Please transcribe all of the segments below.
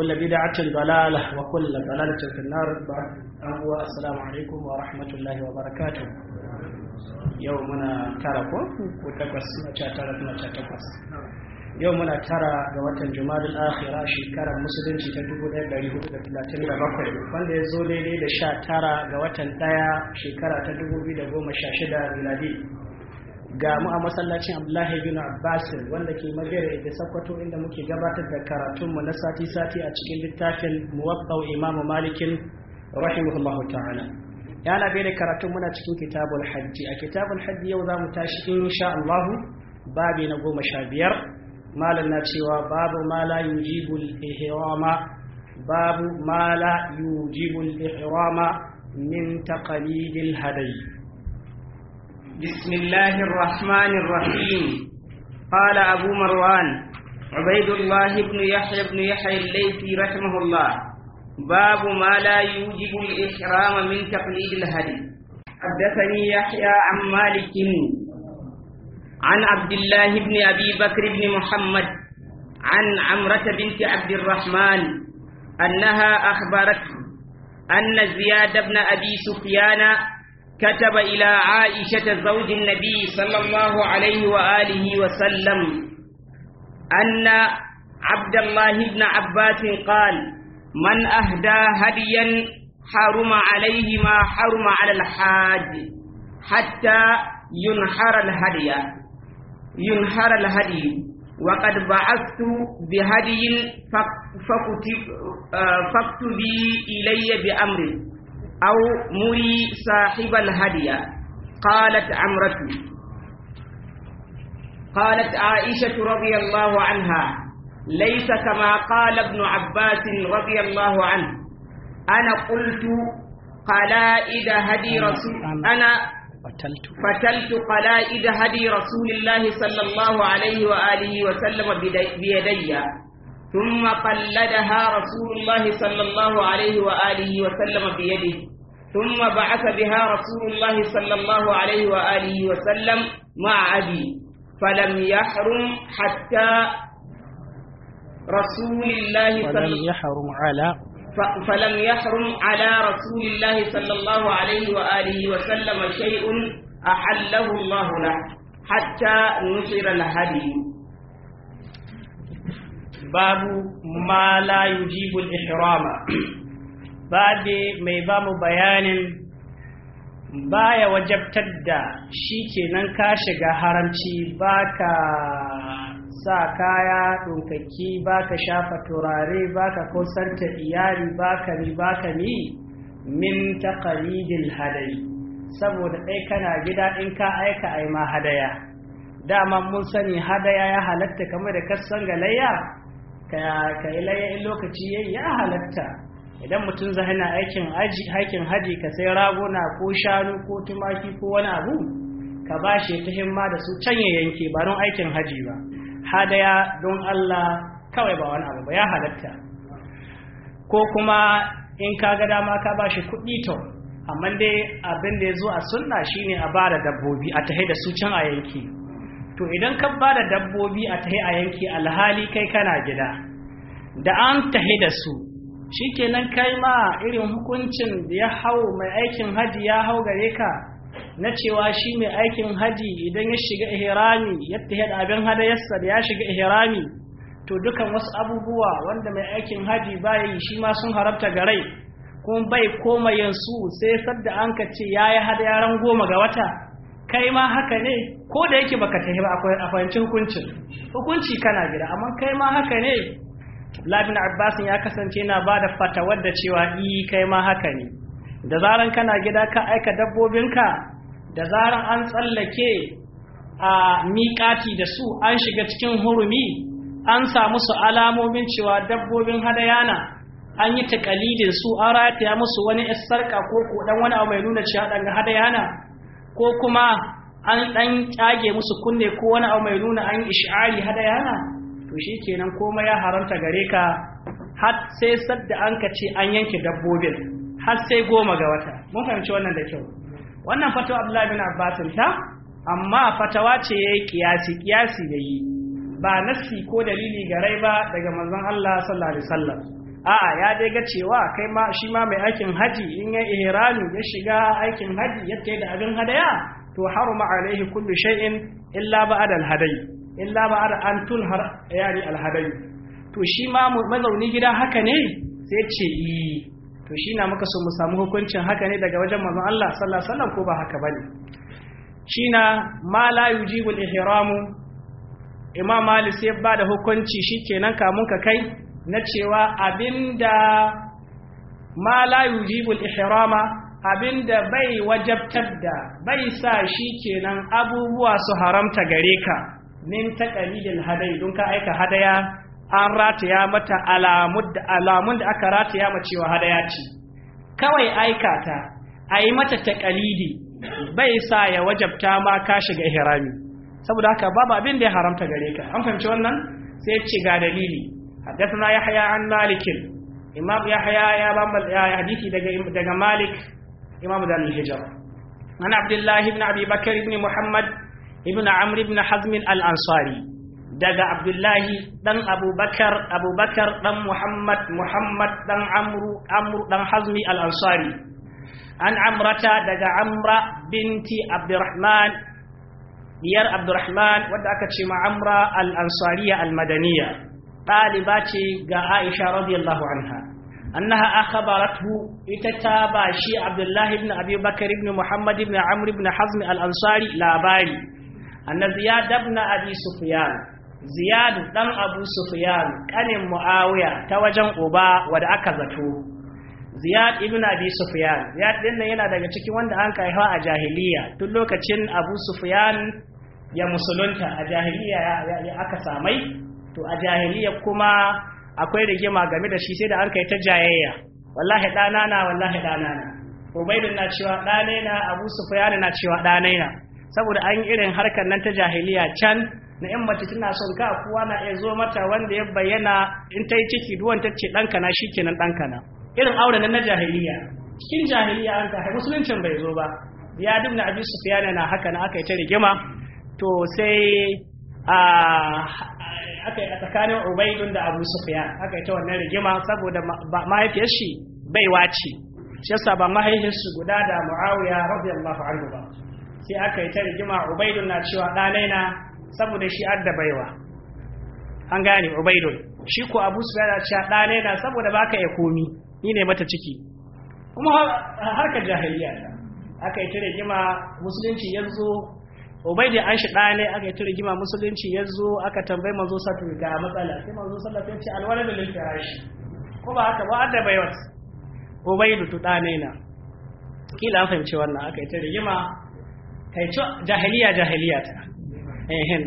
kulle bid'atin dalalah wa kulle dalalatin fi nar ba'd assalamu alaikum wa rahmatullahi wa barakatuh yau muna tara ko ko takwas na cha tara na cha takwas yau muna tara ga watan jumadul afira, shekarar musulunci ta 1437 wanda ya zo daidai da 19 ga watan 1 shekara ta 2016 miladi ga mu a masallacin Abdullahi bin Abbas wanda ke magana da Sokoto inda muke gabatar da karatun mu na sati sati a cikin littafin Muwaffaq Imam Malikin rahimahullahu ta'ala ya na bai da karatun muna cikin kitabul hajji a kitabul hajji yau za mu tashi insha Allah babi na goma sha biyar malam na cewa babu ma la yujibul ihrama babu ma la yujibul ihrama min taqalidil hadayi بسم الله الرحمن الرحيم قال أبو مروان عبيد الله بن يحيى بن يحيى الليثي رحمه الله باب ما لا يوجب الإحرام من تقليد الهدي حدثني يحيى عن مالك عن عبد الله بن أبي بكر بن محمد عن عمرة بنت عبد الرحمن أنها أخبرت أن زياد بن أبي سفيان كتب إلى عائشة زوج النبي صلى الله عليه وآله وسلم أن عبد الله بن عباس قال من أهدى هديا حرم عليه ما حرم على الحاج حتى ينحر الهدي ينحر الهدي وقد بعثت بهدي فاكتبي إلي بأمري أو مري صاحب الهدي قالت عمرة قالت عائشة رضي الله عنها ليس كما قال ابن عباس رضي الله عنه أنا قلت قلائد هدي رسول أنا فتلت قلائد هدي رسول الله صلى الله عليه وآله وسلم بيدي ثم قلدها رسول الله صلى الله عليه وآله وسلم بيده ثم بعث بها رسول الله صلى الله عليه وآله وسلم مع أبي فلم يحرم حتى رسول الله فلم يحرم على فلم يحرم على رسول الله صلى الله عليه وآله وسلم شيء أحله الله له حتى نصر الهدي باب ما لا يجيب الإحرام babi mai ba mu bayanin baya wajabtar da shi kenan ka shiga haramci ka sa kaya ba ka shafa turare ba baka kusanta iyali baka ni ka ni min taqalidil hadari saboda ɗai kana gida in ka aika ai ma hadaya dama mun sani hadaya ya halatta kamar da kasan galayya ka yi layya in lokaci ya halatta idan mutum zai na aikin hakin haji ka sai raguna ko shanu ko tumaki ko wani abu ka ba shi ta himma da su can ya yanke ba don aikin haji ba hadaya don Allah kawai ba wani abu ba ya halatta ko kuma in ka ga dama ka ba shi kuɗi to amma dai abin da ya zo a sunna shine a ba dabbobi a tahe da su can a yanke to idan ka ba dabbobi a tahe a yanke alhali kai kana gida da an tahe da su shikenan kai ma irin hukuncin da ya hau mai aikin haji ya hau gare ka na cewa shi mai aikin haji idan ya shiga ihrami ya tahiyar abin hadayarsa da ya shiga ihrami to dukan wasu abubuwa wanda mai aikin haji baya yi shi ma sun harabta ga rai kuma bai koma yansu sai sadda an ka ce ya yi hada yaran goma ga wata kai ma haka ne ko da yake baka tahi ba a fahimci hukuncin hukunci kana gida amma kai ma haka ne labin abbasin ya kasance na ba da fatawar da cewa i kai ma haka ne da zaran kana gida ka aika dabbobinka da zaran an tsallake a miƙati da su an shiga cikin hurumi an samu su alamomin cewa dabbobin hadayana an yi takalidin su an rataya musu wani sarka ko ko wani abu mai nuna cewa dan hadayana ko kuma an dan kyage musu kunne ko wani abu mai nuna an yi ish'ari hadayana to shi kenan komai ya haramta gare ka har sai sadda an ka ce an yanke dabbobin har sai goma ga wata mun fahimci wannan da kyau wannan fatawa abdullahi bin Abbas ta amma fatawa ce ya kiyasi kiyasi da yi ba nassi ko dalili ga rai ba daga manzon Allah sallallahu alaihi wasallam a'a ya dai ga cewa kai ma shi ma mai aikin haji in ya ihrami ya shiga aikin haji ya da abin hadaya to haruma alaihi kullu shay'in illa ba'da illa ba da an har yani alhadari to shi ma mazauni gida haka ne sai ce yi eh. to shi na muka so mu samu hukuncin haka ne daga wajen manzon Allah sallallahu alaihi wasallam ko ba haka bane shi na ma la yujibul ihramu imam malik sai ba da hukunci shikenan kamun ka kai na cewa abinda ma la yujibul ihrama abinda bai wajabtar da bai sa shi kenan abubuwa su haramta gare ka min taqalidil hadai don ka aika hadaya an rataya mata alamun da aka rataya ma cewa hadaya ce kawai aika ta ayi mata ƙalili. bai sa ya wajabta ma ka shiga ihrami saboda haka babu abin da ya haramta gare ka an fahimci wannan sai ya ce ga dalili yahya يحيى عن مالك إمام يحيى يا ya hadisi daga daga malik imam الهجرة hijra An Abdullahi ibn abi bakr ibn Muhammad. ibn amr ibn hazm al daga abdullahi dan abubakar abubakar dan muhammad muhammad ɗan amru amru dan hazmi al an amrata daga amra binti abdurrahman diyar abdurrahman wadda aka ce ma amra al-ansariya al-madaniya ɗaliba ce ga aisha radiyallahu anha Annaha أخبرته إتتابع شي عبد الله بن أبي بكر بن محمد بن عمرو بن anna ya dabna abi sufyan ziyad dan abu sufyan kanin muawiya ta wajen uba wanda aka zato ziyad ibn abi sufyan ziyad din nan yana daga cikin wanda an kaifa a jahiliya tun lokacin abu sufyan ya musulunta a jahiliya ya aka samai to a jahiliya kuma akwai rigima game da shi sai da an kai ta jayayya wallahi dana na wallahi dana na ubaidun na cewa dane na abu sufyan na cewa dane na saboda an irin harkar nan ta jahiliya can na yan mace tana son ka kuwa na iya zo mata wanda ya bayyana in ta yi ciki duwan ta ce ɗanka na shi kenan ɗanka na irin aure nan na jahiliya cikin jahiliya an kai musuluncin bai zo ba ya dubna abi fiyana na haka na aka yi ta rigima to sai a aka yi a tsakanin ubaidun da abu sufiya aka yi ta wannan rigima saboda mahaifiyar shi wace, wace shi yasa ba mahaifiyar su guda da muawiya radiyallahu anhu ba sai aka yi ta rigima ubaidun na cewa ɗanai na saboda shi adda baiwa an gane ubaidun shi ko abu su yana cewa ɗanai na saboda ba ka ya komi ni ne mata ciki kuma harkar jahiliya aka yi ta rigima musulunci ya zo ubaidi an shi ɗanai aka yi ta rigima musulunci ya zo aka tambayi manzo satu ga matsala sai manzo sallah ya ce alwala da lafiya shi ko ba haka ba adda baiwa ubaidu tu ɗanai na kila an fahimci wannan aka yi ta rigima kai cewa jahiliya jahiliya ta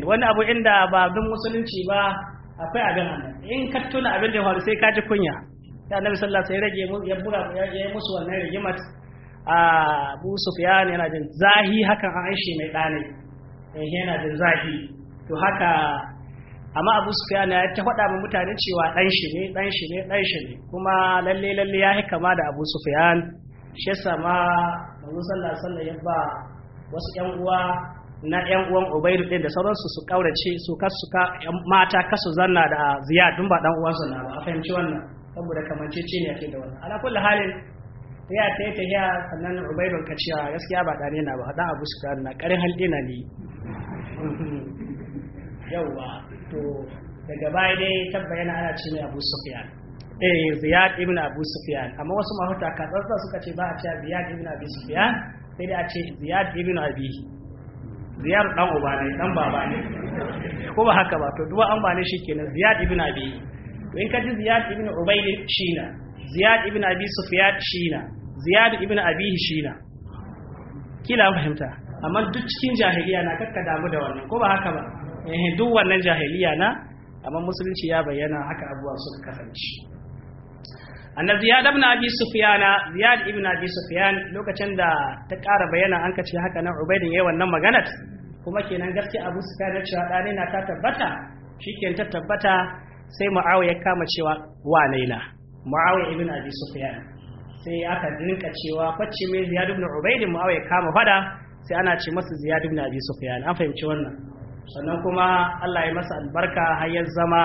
wani abu inda ba abin musulunci ba akwai abin nan in ka tuna abin da ya faru sai ka ji kunya sai annabi sallallahu alaihi wasallam ya rage ya bura ya musu wannan rigimat a Abu Sufyan yana jin zahi hakan aishi mai dane eh yana jin zahi to haka amma Abu Sufyan ya ta faɗa ma mutane cewa dan shi ne dan shi ne dan shi ne kuma lalle lalle ya kama da Abu Sufyan shi sama Manzo sallallahu alaihi wasallam ya ba wasu ƴan uwa na ƴan uwan ubaidu din da sauransu su kaurace su kasu ka mata kasu zanna da ziyad dun ba dan uwansu na ba a fahimci wannan saboda ce ne yake da wannan ala kulli halin ya ta ta ya sannan ubaidu ka ce gaskiya ba dane na ba dan abu sufyan na karin halde na ne yawa to daga baya dai tabbayana ana ce mai abu sufyan eh ziyad ibn abu sufyan amma wasu mahuta katsatsa suka ce ba a cewa ziyad ibn abu sufyan sai dai a ce ziyad ibn abi ziyad dan uba ne dan baba ne ko ba haka ba to duba an ba ne shikenan ziyad ibn abi to in ka ji ziyad ibn ubayl shina ziyad ibn abi sufyan shina ziyad ibn shi shina kila fahimta amma duk cikin jahiliya na kakka damu da wannan ko ba haka ba eh duk wannan jahiliya na amma musulunci ya bayyana haka abuwa suka kasance anna ziyad ibn abi sufyana ziyad ibn abi sufyan lokacin da ta ƙara bayyana an kace haka nan ubaidin yayi wannan maganar kuma kenan gaske abu sufyan ya cewa dane na ta tabbata shikenan ta tabbata sai muawiya ya kama cewa wa laila muawiya ibn abi sufyan sai aka dinka cewa facce mai ziyad ibn ubaidin muawiya kama fada sai ana ce masa ziyad ibn abi sufyan an fahimci wannan sannan kuma Allah ya masa albarka har yanzu zama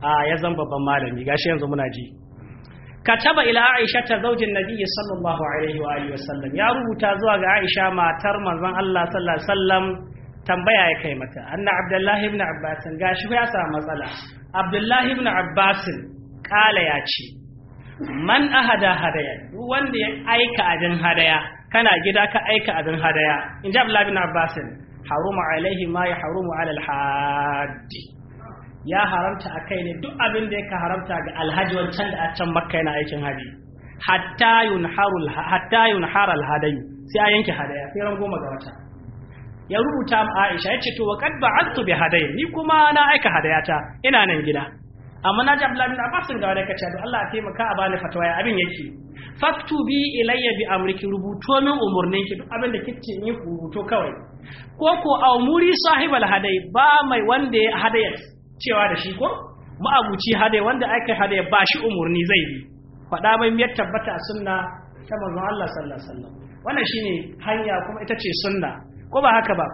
a ya zama babban malami gashi yanzu muna ji kataba ila aisha ta zaujin nabi sallallahu alaihi wa alihi wasallam ya rubuta zuwa ga aisha matar manzon Allah sallallahu alaihi wasallam tambaya ya kai mata anna abdullahi ibn abbas gashi ya samu matsala abdullahi ibn abbas kala ya ce man ahada hadaya duk wanda ya aika abin hadaya kana gida ka aika abin hadaya in ji abdullahi ibn abbas haruma alaihi ma ya haramta a kai ne duk abin da yake haramta ga alhaji wancan da a can makka yana aikin haji hatta yunharul hatta sai a yanke hadaya sai ran goma ga wata ya rubuta ma Aisha yace to waqad ba'attu bi hadaya ni kuma na aika hadayata ina nan gida amma na ji Abdullahi bin Abbas ga wani kace to Allah ya taimaka a bani fatawa ya abin yake bi ilayya bi amriki rubuto min umurnin ki duk abin da kike yi rubuto kawai ko ko a muri sahibal hadai ba mai wanda ya hadayar cewa da shi ko ma'abuci hade wanda aka hade ba shi umurni zai yi faɗa mai miyar tabbata a sunna ta manzon Allah sallallahu alaihi wasallam wannan shine hanya kuma ita ce sunna ko ba haka ba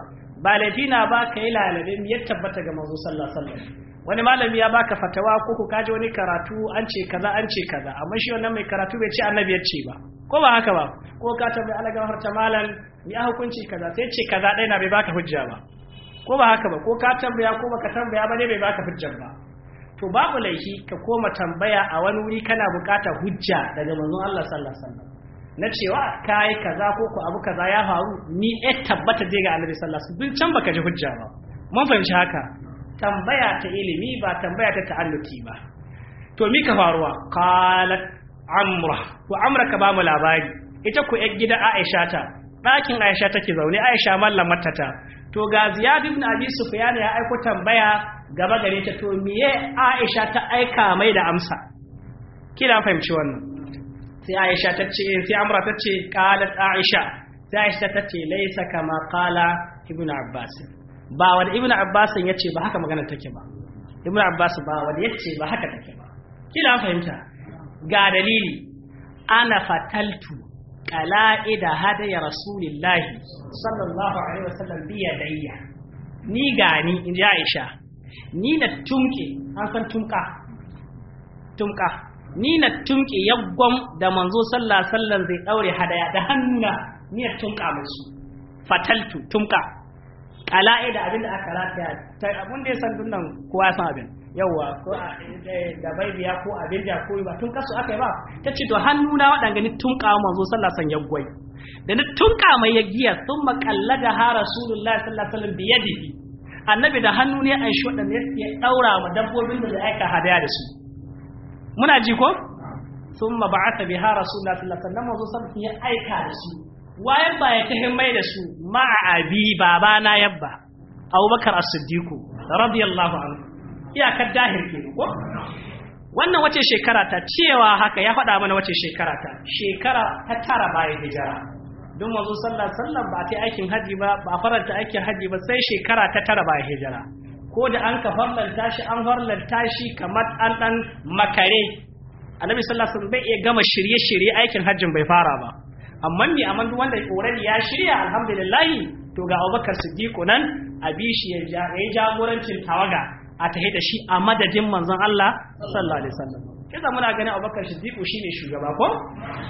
ba na ba ka yi lalabe miyar tabbata ga manzon sallallahu alaihi wasallam wani malami ya baka fatawa ko ku kaje wani karatu an ce kaza an ce kaza amma shi wannan mai karatu bai ce annabi ya ce ba ko ba haka ba ko ka tambayi alaga harta malam ya hukunci kaza sai ce kaza dai na bai baka hujja ba ko ba haka ba ko ka tambaya ko baka tambaya ba ne bai baka hujjar ba to babu laifi ka koma tambaya a wani wuri kana bukata hujja daga manzon Allah sallallahu alaihi wasallam na cewa kai kaza ko ku abu kaza ya faru ni e tabbata je ga Annabi sallallahu alaihi wasallam can baka ji hujja ba mun fahimci haka tambaya ta ilimi ba tambaya ta ta'alluki ba to mi ka faruwa qalat amra wa amra ka ba mu labari ita ku yar gida Aisha ta ɗakin Aisha take zaune Aisha mallamar ta to ga ziyad ibn abi sufyan ya aiko tambaya gaba gare ta to miye aisha ta aika mai da amsa kina fahimci wannan sai aisha ta ce sai amra ta ce qalat aisha sai aisha ta ce laysa kama qala ibn abbas ba wanda ibn abbas yace ba haka magana take ba ibn abbas ba wanda yace ba haka take ba kina fahimta ga dalili ana fataltu qala'ida hadaya rasulillahi sallallahu alaihi wasallam bi yadayya ni gani in ji Aisha ni na tumke an san tumka tumka ni na tumke yaggon da manzo sallallahu sallan zai daure hadaya da hannuna ni na tumka musu fataltu tumka ƙala'ida abinda aka rataya abin da ya san dunnan kowa san abin yawa ko eh, da biya ko da ko ba tun kasu aka yi ba ta ce to hannu na waɗanga ni tun kawo manzo sallah san yaggwai da ni tun kama mai giya sun makalla da ha rasulullahi sallallahu alaihi wasallam biyadihi annabi da hannu ne an shi waɗanda ya ɗaura wa dabbobin da aika hadaya da su muna ji ko sun ma ba'ata biha rasulullahi sallallahu alaihi wasallam manzo sallallahu ya aika da su wayan ba ya himmai da su ma'a abi babana yabba abubakar as-siddiq radiyallahu anhu iyakar dahir ke ko wannan wace shekara ta cewa haka ya faɗa mana wace shekara ta shekara ta tara bayan hijira don manzo sallar-sallar ba ta aikin haji ba ba faranta aikin haji ba sai shekara ta tara bayan hijira ko da an ka farlanta shi an farlanta shi kamar an dan makare annabi sallallahu alaihi wasallam bai iya gama shirye-shirye aikin hajjin bai fara ba amma ni amma duk wanda already ya shirya alhamdulillah to ga Abubakar Siddiq nan abishi ya jagorancin tawaga a tahi da shi a madadin manzon Allah sallallahu alaihi wasallam kisa muna ganin abubakar siddiqu shine shugaba ko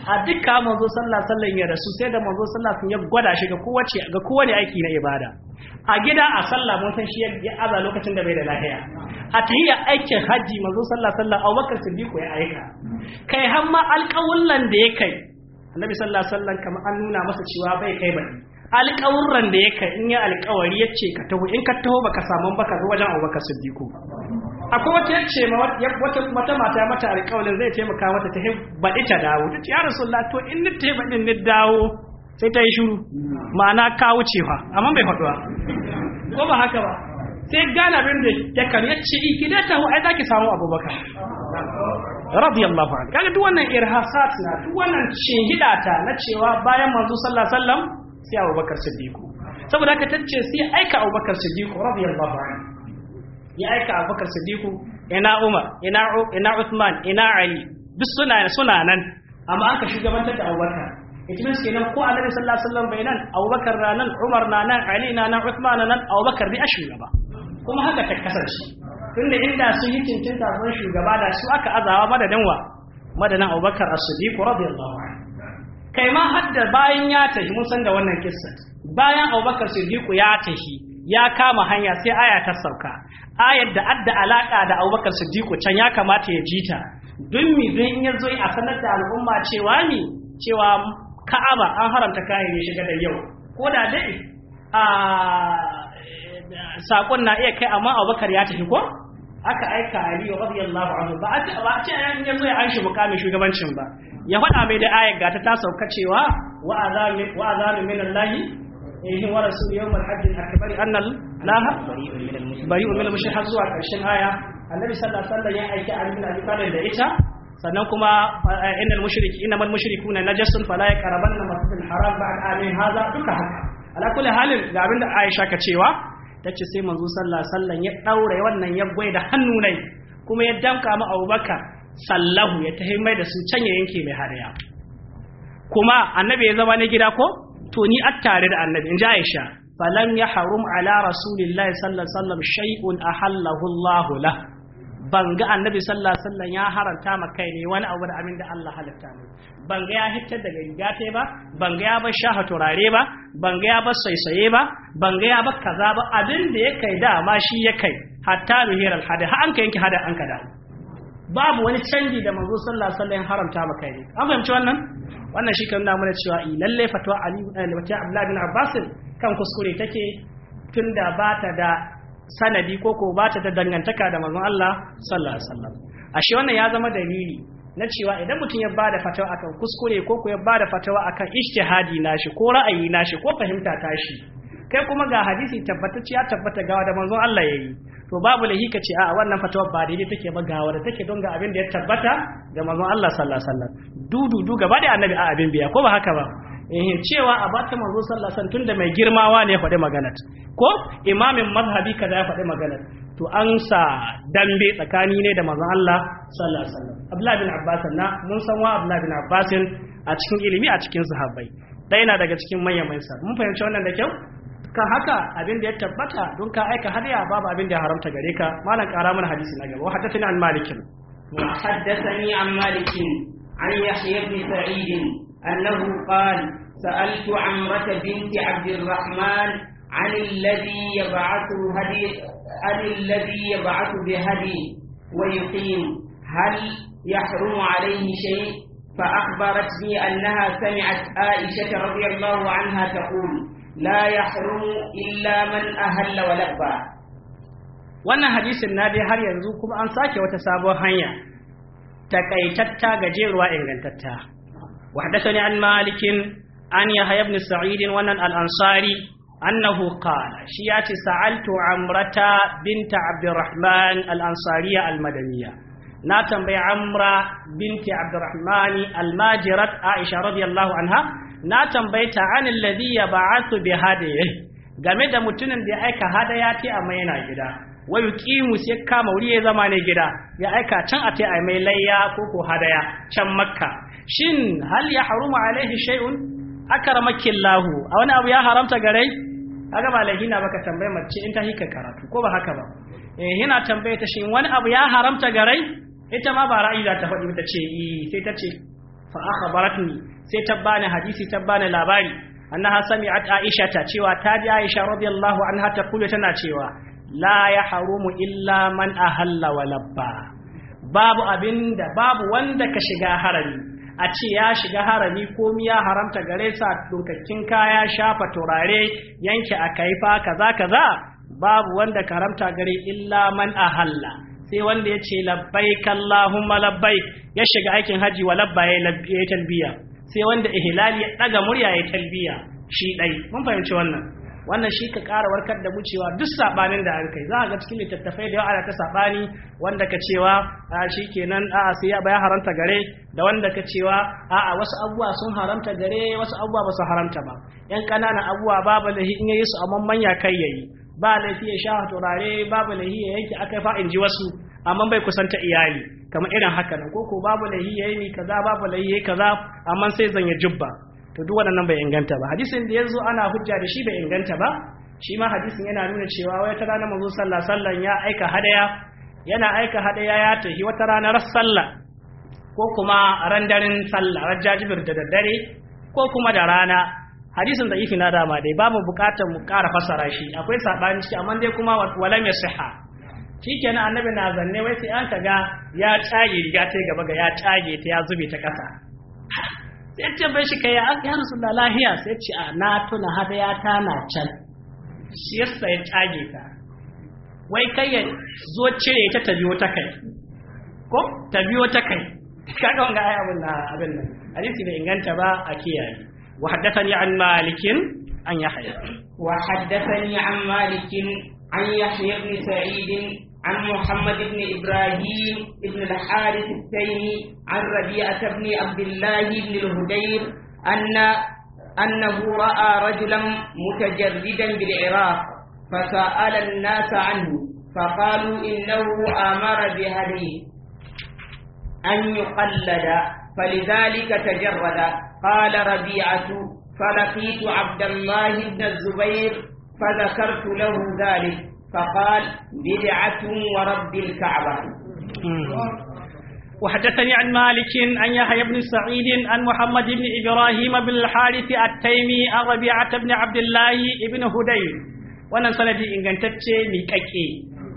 a dukkan manzo sallallahu alaihi ya rasu sai da manzo sallallahu ya gwada shi ga kowace ga kowane aiki na ibada a gida a sallah mun san shi ya aza lokacin da bai da lahiya a tahiyar aikin haji manzo sallallahu alaihi abubakar siddiqu ya aika kai har ma alƙawullan da ya kai annabi sallallahu alaihi kamar an nuna masa cewa bai kai bane alƙawurran da yake in ya alƙawari ya ce ka taho in ka taho baka samu baka zo wajen abubakar siddiqu akwai wata yace ma wata mata mata mata alƙawarin zai taimaka mata ta baɗi ta dawo ta ce ya rasulullah to in ni ta baɗin ni dawo sai ta yi shiru ma'ana ka wuce fa amma bai faɗuwa ko ba haka ba sai gane abin da ya kan yace ta taho ai zaki samu abubakar radiyallahu anhu kaga duk wannan irhasat na duk wannan shehida ta na cewa bayan manzo sallallahu alaihi wasallam sai bakar siddiq saboda aka tace sai aika bakar siddiq radiyallahu anhu ya aika bakar siddiq ina umar ina ina usman ina ali duk suna suna nan amma aka shugabantar da abubakar itimin suke nan ko annabi sallallahu alaihi wasallam bai nan abubakar na nan umar na nan ali na nan usman na nan abubakar ne a shugaba kuma haka ta kasance tunda inda sun yi cancanta sun shugaba da su aka azawa madadin wa madanin abubakar as-siddiq radiyallahu kai ma hadda bayan ya tafi mun san da wannan kissa bayan Abubakar Siddiq ya tashi ya kama hanya sai aya ta sauka ayar da adda alaka da Abubakar Siddiq can ya kamata ya jita dun mi dun in yazo a sanar da al'umma cewa ni cewa Ka'aba an haramta kayan shiga da yau ko da dai a sakon na iya kai amma Abubakar ya tafi ko aka aika Ali radiyallahu anhu ba a ce an yazo ya an shi mukamin shugabancin ba ya faɗa mai da ayar gata ta sauka cewa wa azalu min allahi ihin wa rasul yawm al-hajj al-akbar anna allaha bari'un min al-mushrik har zuwa ƙarshen aya annabi sallallahu alaihi wasallam ya aiki a rubin abi talib da ita sannan kuma innal mushrik innamal mushrikuna najasun fala yaqrabanna masjidal haram ba'da amin hadha duka haka ala kulli halin ga abin da Aisha ka cewa tace sai manzo sallallahu alaihi wasallam ya daure wannan ya gwai da hannu nai kuma ya danka mu Abubakar sallahu ya ta mai da su can ya yanke mai hariya kuma annabi ya zama na gida ko to ni tare da annabi in ji Aisha falan ya harum ala rasulillahi sallallahu alaihi wasallam shay'un ahallahu Allah la ban ga annabi sallallahu alaihi ya haranta ma kai ne wani abu da amin da Allah halatta ne ban ga ya hitar daga riga ta ba ban ga ya bar shaha turare ba ban ga ya bar saisaye ba ban ga ya bar kaza ba abin da ya kai da shi ya kai hatta ruhiral hada har an ka hada an da babu wani canji da manzo sallallahu alaihi wasallam haramta maka ne an fahimci wannan wannan shi kan mana cewa eh, lalle fatwa ali wata abdullahi bin abbas kan kuskure take tunda ba ta da sanadi ko ko ba ta da dangantaka da manzon Allah sallallahu alaihi wasallam ashe wannan ya zama dalili na cewa idan mutum ya bada fatawa akan kuskure ko ko ya bada fatawa akan ijtihadi nashi ko ra'ayi nashi ko fahimta tashi kai kuma ga hadisi tabbatacciya, ya tabbata gawa da manzon Allah yayi to babu lahi ka ce a wannan fatawar ba daidai take ba ga wanda take don ga abin da ya tabbata ga manzon Allah sallallahu alaihi wasallam dudu du gaba da annabi a abin biya ko ba haka ba eh cewa a bata manzo sallallahu alaihi wasallam tunda mai girmawa ne ya faɗi magana ko imamin mazhabi kaza ya faɗi magana to an sa dambe tsakani ne da manzon Allah sallallahu alaihi wasallam Abdullah bin Abbas na mun san wa Abdullah bin Abbas a cikin ilimi a cikin sahabbai ɗaya na daga cikin manyan mai mun fahimci wannan da kyau kan haka abin da ya tabbata don ka aika hadiya babu abin da ya haramta gare ka malam kara mana hadisi na gaba wa haddathani an malikin wa haddathani an malikin an yahya ibn sa'id annahu qala سألت عمرة بنت an alladhi yab'athu الذي an alladhi yab'athu bi يبعث wa yuqim هل يحرم عليه شيء فأخبرتني أنها سمعت عائشة رضي الله عنها تقول لا يحرم إلا من أهل ولبى wannan hadisin na dai har yanzu kuma an sake wata sabuwar hanya ta kaitatta gajeruwa ingantatta wa hadathani an malikin an yahya ibn wannan al ansari annahu qala shi ya ce sa'altu amrata bint abdurrahman al ansariya al madaniya na tambayi amra bint abdurrahman al majirat aisha radiyallahu anha na tambayta an alladhi yab'athu bi hadiyi game da mutumin da ya aika hadaya ta a mai na gida wai yuqimu sai kama wuri ya zama ne gida ya aika can a ta a mai layya ko ko hadaya can makka shin hal ya haruma alaihi shay'un akramakillahu a wani abu ya haramta gare kaga ba na baka tambaye mace in ta hika karatu ko ba haka ba eh hina tambaye ta shin wani abu ya haramta gare ita ma ba ra'ayi za ta faɗi ta ce eh sai ta ce fa akhbaratni sai ta bani hadisi ta bani labari annaha sami'at aisha ta cewa ta ji aisha radiyallahu anha ta kula tana cewa la ya harumu illa man ahalla wa labba babu abinda babu wanda ka shiga harami a ce ya shiga harami komi ya haramta gare sa dokakkin kaya shafa turare yanke kaifa kaza kaza babu wanda karamta gare illa man ahalla sai wanda ya ce labbaik Allahumma labbai ya shiga aikin haji wa labba ya yi talbiya sai wanda ihlali ya daga murya ya talbiya shi dai mun fahimci wannan wannan shi ka ƙara warkar da mu duk sabanin da an kai za a ga cikin littattafai da yawa ana ta sabani wanda ka cewa a shi kenan a'a sai ya baya haramta gare da wanda ka cewa a'a wasu abubuwa sun haramta gare wasu abubuwa ba su haramta ba yan ƙananan abubuwa babu lahi in yayi su amma manya kai yayi ba laifi ya sha turare babu laifi ya yanke aka fa in ji wasu amma bai kusanta iyali kamar irin haka nan koko babu laifi ya yi kaza babu laifi ya kaza amma sai zan zanya jubba to duk waɗannan bai inganta ba hadisin da yanzu ana hujja da shi bai inganta ba shi ma hadisin yana nuna cewa wai ta rana manzo sallah sallan ya aika hadaya yana aika hadaya ya tafi wata ranar sallah ko kuma ran daren sallah rajajibir da daddare ko kuma da rana hadisin da ifi na dama dai babu bukatar mu ƙara fassara shi akwai sabani shi amma dai kuma wala mai siha shikenan annabi na zanne wai sai an kaga ya tsage riga ta gaba ga ya tsage ta ya zube ta kasa sai ce bai shi kai ya rasulullah lahiya sai ce a na tuna hadaya ta na can shi yasa ya tsage ta wai kai ya zo cire ta ta biyo ta kai ko ta biyo ta kai kaga wanga ai abin nan abin nan hadisi bai inganta ba a kiyaye وحدثني عن مالك عن يحيى وحدثني عن مالك عن يحيى بن سعيد عن محمد بن إبراهيم بن الحارث التيمي عن ربيعة بن عبد الله بن الهدير أن أنه رأى رجلا متجردا بالعراق فسأل الناس عنه فقالوا إنه آمر بهديه أن يقلد فلذلك تجرد قال ربيعة فلقيت عبد الله بن الزبير فذكرت له ذلك فقال بدعة ورب الكعبة وحدثني عن مالك عن يحيى بن سعيد عن محمد بن إبراهيم بن الحارث التيمي عن ربيعة بن عبد الله بن هدي wannan sanadi ingantacce miƙaƙe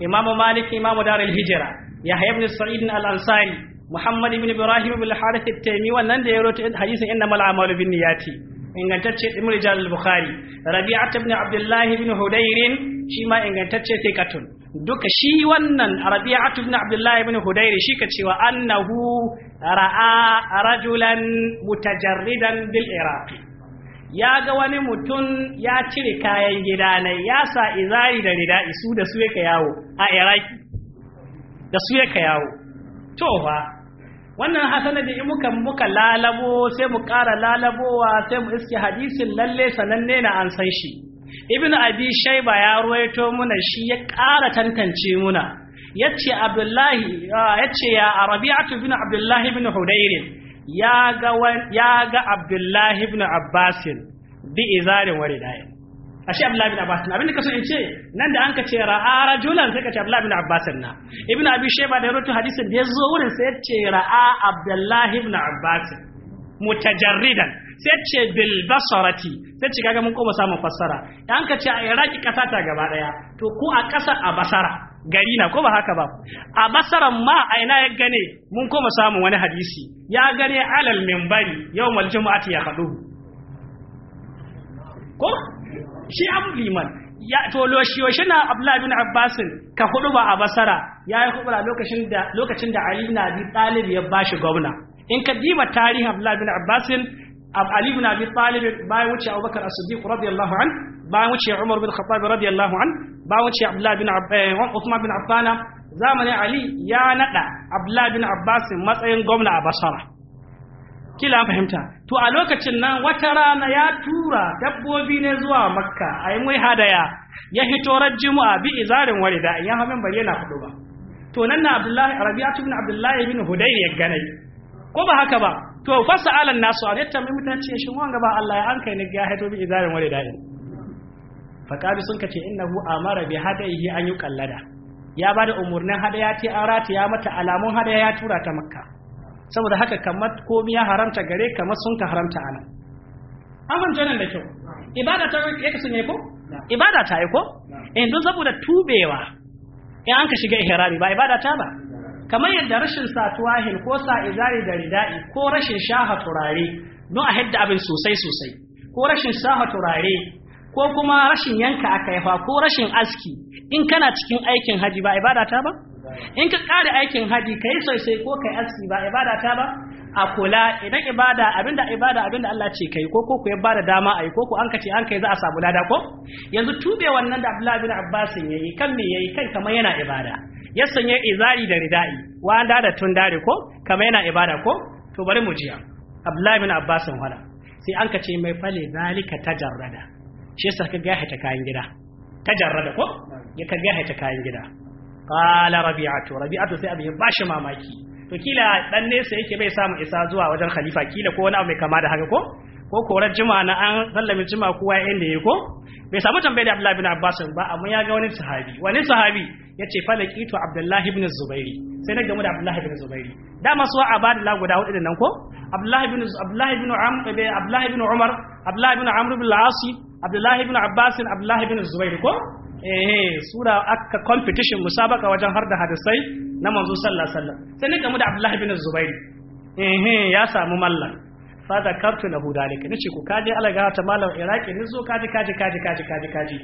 imamu malik imamu darul hijira yahya ibn sa'id al-ansari Muhammad ibn Ibrahim bil Harith at-Taymi wannan da ya rawaito hadisin innamal a'malu binniyati ingantacce Ibn Rijal al-Bukhari Rabi'at ibn Abdullah ibn Hudayr shi ma ingantacce sai katun duka shi wannan Rabi'at ibn Abdullah ibn Hudayr shi ka cewa annahu ra'a rajulan mutajarridan bil Iraqi ya ga wani mutum ya cire kayan gida ne ya sa izari da rida'i su da su yake yawo a Iraki da su yake yawo to fa wannan hasana da muka muka lalabo sai mu ƙara lalabowa sai mu iske hadisin lalle sananne na an san shi ibn abi shaiba ya ruwaito muna shi ya ƙara tantance muna yace abdullahi yace ya rabi'atu ibn abdullahi ibn hudayr ya ga ya ga abdullahi ibn abbasin bi izarin waridayin ashe Abdullahi bin Abbas abin da kaso in ce nan da an ka ce ra'a rajulan sai ka ce Abdullahi bin Abbas na Ibn Abi Shayba da rutu hadisin da ya zo wurin sai ya ce ra'a Abdullahi bin Abbas mutajarridan sai ce bil basarati sai ce kaga mun koma samun fassara an ka ce a Iraki kasa ta gaba daya to ko a kasa a basara gari na ko ba haka ba a basaran ma a ina ya gane mun koma samun wani hadisi ya gane alal minbari yawmal jumu'ati ya faɗo ko shi am liman ya to yaushe na Abdullahi bin Abbas ka hudu ba a Basara yayi hudu lokacin da lokacin da Ali bin Abi Talib ya bashi gwamna in ka diba tarihin Abdullahi bin Abbas Ali bin Abi Talib bayan wuce Abubakar As-Siddiq radiyallahu an bayan wuce Umar bin Khattab radiyallahu an bayan wuce Abdullahi bin eh, Uthman bin Affan zamanin Ali ya nada Abdullahi bin Abbas matsayin gwamna a basara. kila fahimta to a lokacin nan wata rana ya tura dabbobi ne zuwa makka a yi mai hadaya ya hito juma'a bi izarin wani da ya hamin bari yana kudu ba to nan na abdullahi rabi'atu ibn abdullahi bin hudayr ya ganai ko ba haka ba to fa sa'alan nasu a yatta mai mutane ce shin wanga ba Allah ya an kai ne ga hito bi izarin warida in fa kabi sun kace innahu amara bi hadayi an yi kallada ya bada umarnin hadaya ta arati ya mata alamun hadaya ya tura ta makka saboda haka kamar komi ya haramta gare kamar sun ka haramta ana an fahimci nan da kyau ibada ta ya kasu ne ko ibada ta yi ko yanzu eh, saboda tubewa in an ka shiga ihrami ba ibada ta ba kamar yadda rashin sa tuwahil, ko sa izari da rida'i ko rashin shaha turare don a hadda abin sosai sosai ko rashin shaha turare ko kuma rashin yanka a kaifa ko rashin aski in kana cikin aikin haji ba ibada ta ba in ka kara aikin haji ka yi sosai ko ka yi aski ba ibada ta ba a kula idan ibada abinda ibada abinda Allah ce kai ko ko ku ya bada dama ai ko ko an ka ce an kai za a samu lada ko yanzu tube wannan da Abdullahi bin Abbas yayi kan me yayi kan kamar yana ibada ya sanya izari da ridai wa da da tun dare ko kamar yana ibada ko to bari mu jiya Abdullahi bin Abbas wala sai an ka ce mai fale zalika tajarrada shi yasa ka ga ta kayan gida tajarrada ko ya ka ga ta kayan gida qala rabi'atu rabi'atu sai abin bashi mamaki to kila dan nesa yake bai samu isa zuwa wajen khalifa kila ko wani abu mai kama da haka ko ko korar jima na an sallame jima kowa inda yake ko bai samu tambayar da Abdullahi bin Abbas ba amma ya ga wani sahabi wani sahabi yace to Abdullahi bin Zubairi sai na gamu da Abdullahi bin Zubairi dama su la guda hudu nan ko Abdullahi bin Abdullahi bin Amr eh, Abdullahi bin Umar Abdullahi bin Amr bin Al-As Abdullahi bin Abbas Abdullahi bin Zubairi ko eh sura akka competition musabaka wajen har da hadisai na manzo sallallahu alaihi wasallam sai ni gamu da Abdullah ibn Zubair eh ya samu mallan fa kartu lahu dalika nace ku kaje alaga ta mallan iraki ni zo kaje kaje kaje kaje kaje kaje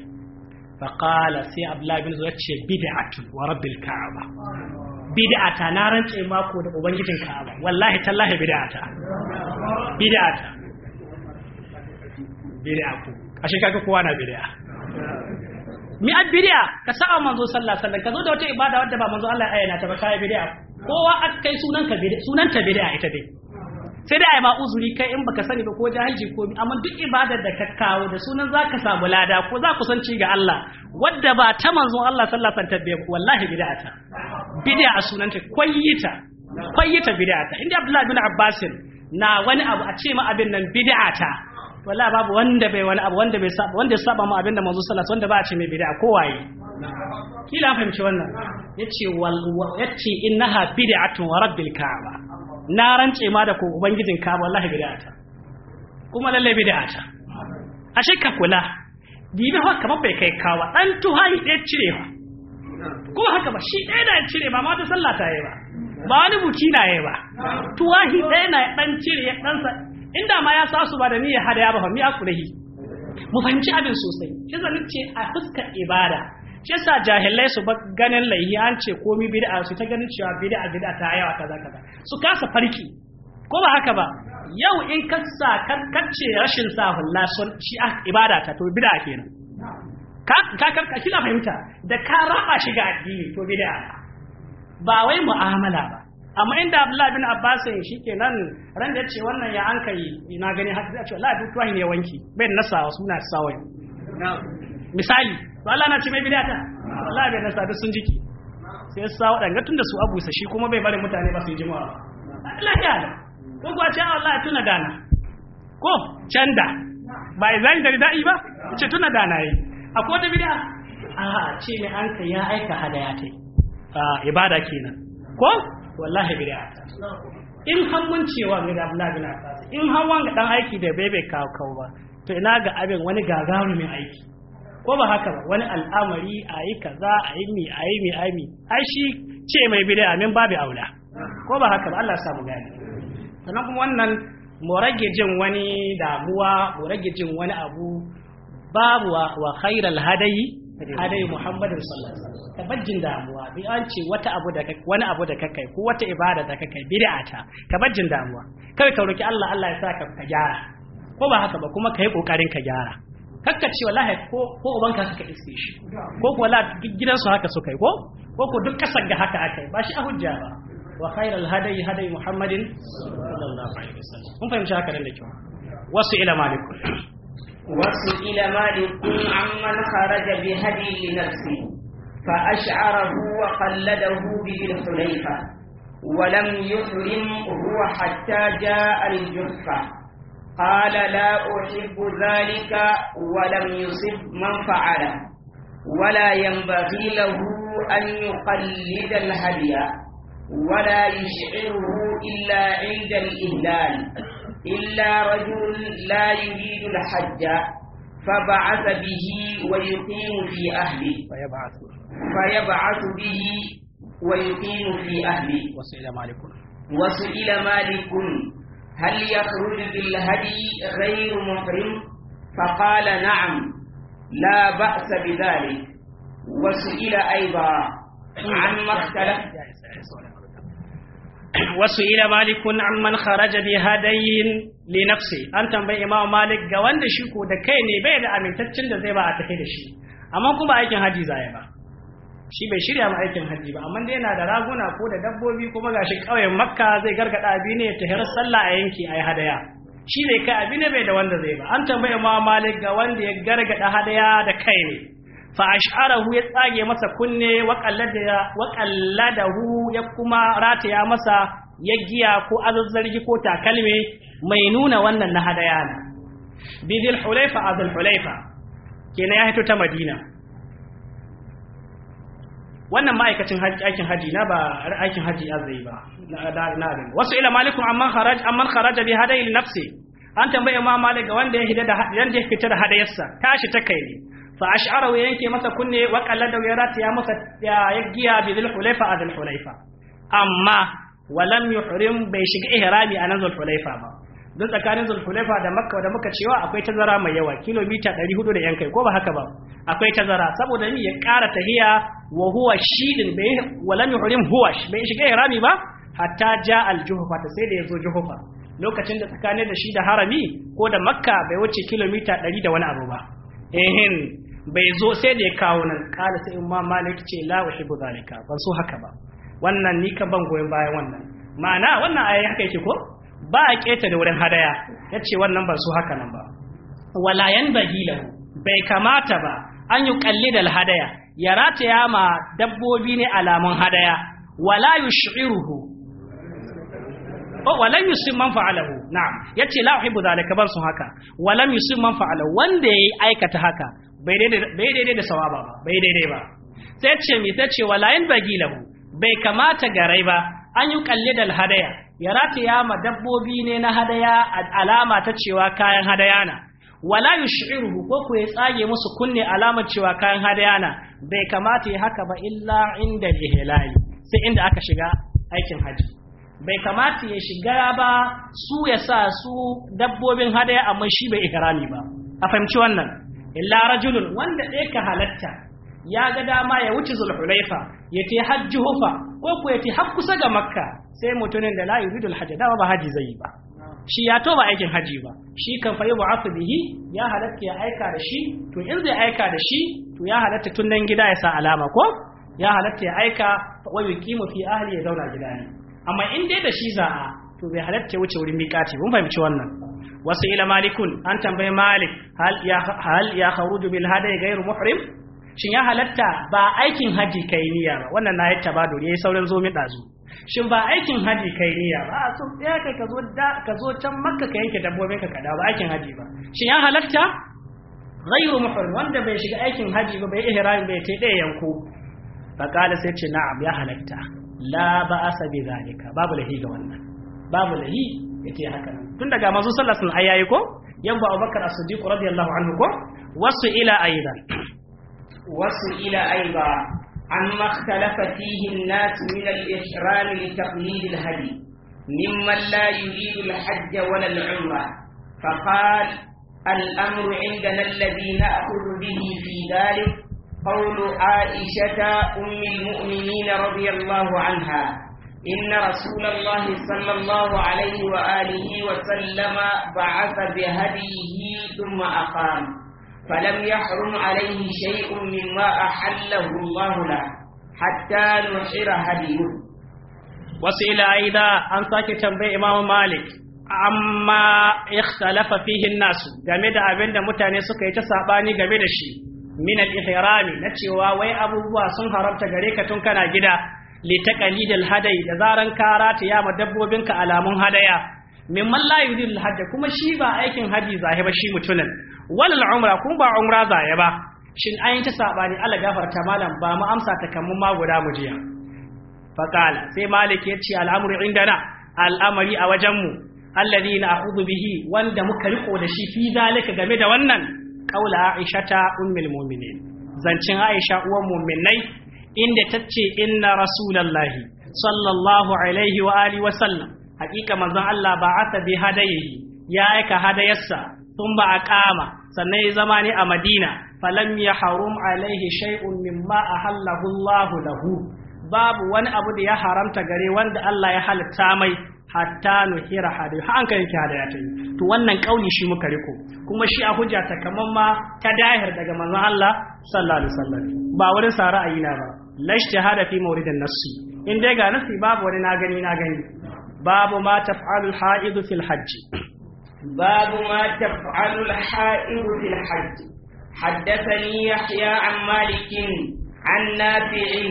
fa qala sai Abdullah ibn Zubair ce bid'atu wa rabbil ka'aba bid'ata na rance mako da ubangijin ka'aba wallahi tallahi bid'ata bid'ata bid'a ku ashe kaga kowa na bid'a mi a bidiya ka sa'a manzo sallallahu alaihi wasallam ka zo da wata ibada wadda ba manzo Allah ya ayyana ta ba kai bidiya kowa aka kai sunan ka bidiya sunan ta bidiya ita dai sai dai ai ma uzuri kai in baka sani ba ko jahilci ko mi amma duk ibadar da ka kawo da sunan zaka samu lada ko za ku sanci ga Allah wadda ba ta manzo Allah sallallahu alaihi wasallam wallahi bidiya ta a sunan ta kwayyita kwayyita bidiya ta inda Abdullah bin Abbasin na wani abu a ce ma abin nan bidiya ta wala babu wanda bai wani abu wanda bai saba wanda ya saba mu abinda manzo sallallahu wanda ba a ce mai bid'a ko waye kila fahimci wannan yace wal yace innaha bid'atun wa rabbil ka'aba na rance ma da ko ubangijin ka'aba wallahi ta kuma lalle ta a ka kula dibe haka kamar bai kai kawa dan tuhai ɗaya cire ba kuma haka ba shi ɗaya da cire ba ma wata sallah ta yi ba ba wani buci na yi ba tuwahi ɗaya na ɗan cire ɗansa inda ma ya sa su ba da niyyar hadaya ba fa mi akulahi mu fahimci abin sosai shi zan ce a fuskar ibada shi sa jahilai su ba ganin laihi an ce komi bid'a su ta ganin cewa bid'a bid'a ta yawa kaza kaza su kasa farki ko ba haka ba yau in ka sa karkace rashin sa hulla sun shi ibada ta to bid'a kenan ka ka ka kila fahimta da ka raba shi ga addini to bid'a ba wai mu'amala ba amma inda Abdullahi bin Abbas shi kenan ran da ce wannan ya an kai ina gani haka da ce Allah duk tuwahi ne wanki bai nasa wasu suna sawai misali to Allah na ce mai bidata Allah bai nasa duk sun jiki sai sa wadanga tunda su abusa shi kuma bai bari mutane ba su yi jima'a Allah ya ko kuwa ce ah, Allah tuna dana ko canda ba zai da da'i ba ce tuna dana yi akwai da bid'a a ce mai an kai ya aika hadaya tai ah, ibada kenan ko wallahi bid'a in har mun cewa ga Abdullahi bin Abbas in har wanga dan aiki da bai bai kawo kawo ba to ina ga abin wani gagarumin aiki ko ba haka ba wani al'amari a yi kaza a yi mi a yi mi a yi mi ai shi ce mai bid'a min babu aula ko ba haka ba Allah ya mu gani sannan kuma wannan mu rage jin wani damuwa mu rage jin wani abu babu wa khairal hadayi hadai muhammadin sallallahu alaihi wasallam ka damuwa bi an ce wata abu da wani abu da kakai ko wata ibada da kakai bid'a ta ka damuwa kai ka roki Allah Allah ya saka ka gyara ko ba haka ba kuma kai kokarin ka gyara kakka ce wallahi ko ko ubanka suka iske shi ko ko la gidansu haka suka yi ko ko ko duk kasar ga haka aka yi ba shi a hujja ba wa khairul hadayi hadayi muhammadin sallallahu alaihi wasallam kun fahimci haka da kyau wasu ila malikun وسئل مالك عمن خرج بهدي لنفسه فأشعره وقلده بذي الحليفة ولم يحرم هو حتى جاء الجحفة قال لا أحب ذلك ولم يصب من فعله ولا ينبغي له أن يقلد الهدي ولا يشعره إلا عند الإهلال إلا رجل لا يريد الحج فبعث به ويقيم في أهله فيبعث فيبعث به ويقيم في أهله وسئل مالك وسئل مالك هل يخرج بالهدي غير محرم فقال نعم لا بأس بذلك وسئل أيضا عن اختلف Wasu وسئل مالك عمن خرج بهدي لنفسه an tambayi imam malik ga wanda shi ko da kai ne bai da amintaccen da zai ba a tafi da shi amma kuma aikin haji zai ba shi bai shirya ma aikin haji ba amma dai yana da raguna ko da dabbobi kuma gashi kauyen makka zai gargada abi ne ya tahirar sallah a yanki ayi hadaya shi ne kai abi bai da wanda zai ba an tambayi imam malik ga wanda ya gargada hadaya da kai ne fa ash'arahu ya tsage masa kunne wa qallada ya kuma rataya masa ya giya ko azazzargi ko takalme mai nuna wannan na hadaya ne bidil hulaifa azul hulaifa kenan ya hito ta madina wannan ma'aikacin aikin haji na ba aikin haji azai ba na abin wasu ila malikum amman kharaj amman kharaja bi hadayil nafsi an tambaye ma malik ga wanda ya hida da yanda je fita da hadayarsa tashi ta kai ne fa ash'ara wa yanke masa kunne wa qalla da ya ya masa ya giya bi dhul hulaifa adul hulaifa amma walam yuhrim bai shiga ihrami a nan hulaifa ba don tsakanin hulaifa da makka da muka cewa akwai tazara mai yawa kilomita 400 da yan kai ko ba haka ba akwai tazara saboda ni ya kara tahiya wa huwa shidin bai walam yuhrim huwa bai shiga ihrami ba hatta ja aljuhufa ta sai da yazo juhufa lokacin da tsakanin da shi da harami ko da makka bai wuce kilomita 100 da wani abu ba ehin bai zo sai da ya kawo nan kala sai imam malik ce la uhibbu zalika ban so haka ba wannan ni ka ban goyon bayan wannan ma'ana wannan ayi haka yake ko ba a keta da wurin hadaya yace wannan ba su haka nan ba wala yan lahu bai kamata ba an yi da hadaya ya ya ma dabbobi ne alamun hadaya wala yushiruhu oh, walam yusim man fa'alahu na'am yace la uhibbu zalika ban sun haka walam yusim man fa'alahu wanda yayi aikata haka bai daidai da sawaba ba bai daidai ba sai ce mi sai ce wala yan bagilahu bai kamata garai ba an yi da hadaya ya rataya ma dabbobi ne na hadaya alama ta cewa kayan hadaya na wala yushiruhu ko ku ya tsage musu kunne alamar cewa kayan hadaya na bai kamata ya haka ba illa inda ihlali sai inda aka shiga aikin haji bai kamata ya shiga ba su ya sa su dabbobin hadaya amma shi bai ikrami ba a fahimci wannan illa rajulun wanda ɗaya ka halatta ya ga dama ya wuce zulhulaifa ya ta hajji hufa ko ku ya har kusa ga makka sai mutumin da layi yuridu alhajj dama ba haji zai ba shi ya to ba aikin haji ba shi kan fa yubu bihi ya halatta ya aika da shi to in zai aika da shi to ya halatta tun nan gida ya sa alama ko ya halatta ya aika wa yuqimu fi ahli ya zauna gida ne amma in dai da shi za a to bai halatta ya wuce wurin miƙati mun fahimci wannan wasu ila malikun an tambayi malik hal ya kharuju bil hadai ghairu muhrim shin ya halatta ba aikin haji kai niyya ba wannan na yatta ba dole yayi sauran zo mi dazu shin ba aikin haji kai niyya ba a so tsaya kai ka zo da ka zo can makka ka yanke dabbobin ka kada ba aikin haji ba shin ya halatta ghayru muhrim wanda bai shiga aikin haji ba bai ihram bai tai dai yanko fa kala sai ce na'am ya halatta la ba'asa bi zalika babu lahi ga wannan babu lahi yake haka nan tun daga manzo sallallahu alaihi wasallam ayayi ko ba abubakar as-siddiq radiyallahu anhu ko wasu ila aidan وسئل أيضا عما اختلف فيه الناس من الإحرام لتقليد الهدي ممن لا يريد الحج ولا العمرة فقال الأمر عندنا الذي نأخذ به في ذلك قول عائشة أم المؤمنين رضي الله عنها إن رسول الله صلى الله عليه وآله وسلم بعث بهديه ثم أقام فلم يحرم عليه شيء مما أحله الله له حتى نحر هديه وسئل أيضا أن ساكت إمام مالك amma ikhtalafa fihi an-nas game da abinda mutane suka yi ta saɓani game da shi min al-ihrami na cewa wai abubuwa sun haramta gare ka tun kana gida li da al-hadai da zaran kara ta yama dabbobinka alamun hadaya min man la yuridu kuma shi ba aikin haji zahiba shi mutunan walal umra kun ba umra zaya ba shin an yi ta sabani Allah gafarta malam ba mu amsa ta kamun ma guda mu jiya faqala sai malik ya ce indana al'amari a wajen mu alladhina a'udhu bihi wanda muka riko da shi fi zalika game da wannan qaula aisha ta ummul mu'minin zancin aisha uwan mu'minai inda tace inna rasulullahi sallallahu alaihi wa alihi wa sallam hakika manzon Allah ba asa bi hadayihi ya aika hadayarsa sun ba a kama sannan ya zama ne a madina falam ya harum alaihi shay'un mimma ahallahu hallahullahu lahu babu wani abu da ya haramta gare wanda Allah ya halitta mai hatta nuhira hadu ha an kai hadaya ya ta'i. to wannan kauli shi muka riko kuma shi a hujja ta kaman ma ta dahir daga manzon Allah sallallahu alaihi wasallam ba wurin sa ra'ayi na ba hada fi mawridin nafsi in dai ga nafsi babu wani na gani na gani babu ma taf'alul ha'idu fil hajji باب ما تفعل الحائر في الحج حدثني يحيى عن مالك عن نافع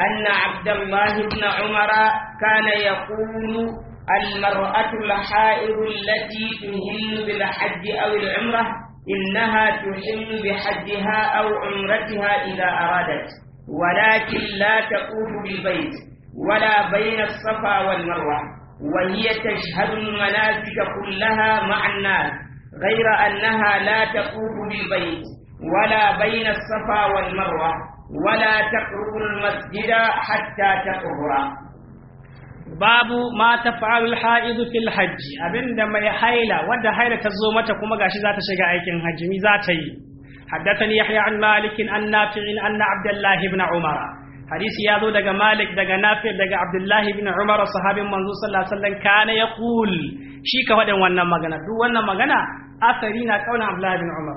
أن عبد الله بن عمر كان يقول المرأة الحائر التي تهل بالحج أو العمرة إنها تهل بحجها أو عمرتها إذا أرادت ولكن لا تقوم بالبيت ولا بين الصفا والمروة وهي تشهد المناسك كلها مع الناس غير أنها لا تقوم بالبيت ولا بين الصفا والمروة ولا تقرب المسجد حتى تقرر babu ma ta fa’arul ha’idu fil hajji abinda mai haila wadda haila ta zo mata kuma gashi za ta shiga aikin hajji za ta yi haddata ni yahya an malikin an nafi'in an na abdullahi ibn umara hadisi ya zo daga malik daga nafi daga abdullahi bin umar sahabin manzo sallallahu alaihi wasallam kana yaqul shi ka faɗin wannan magana duk wannan magana asari na kauna abdullahi bin umar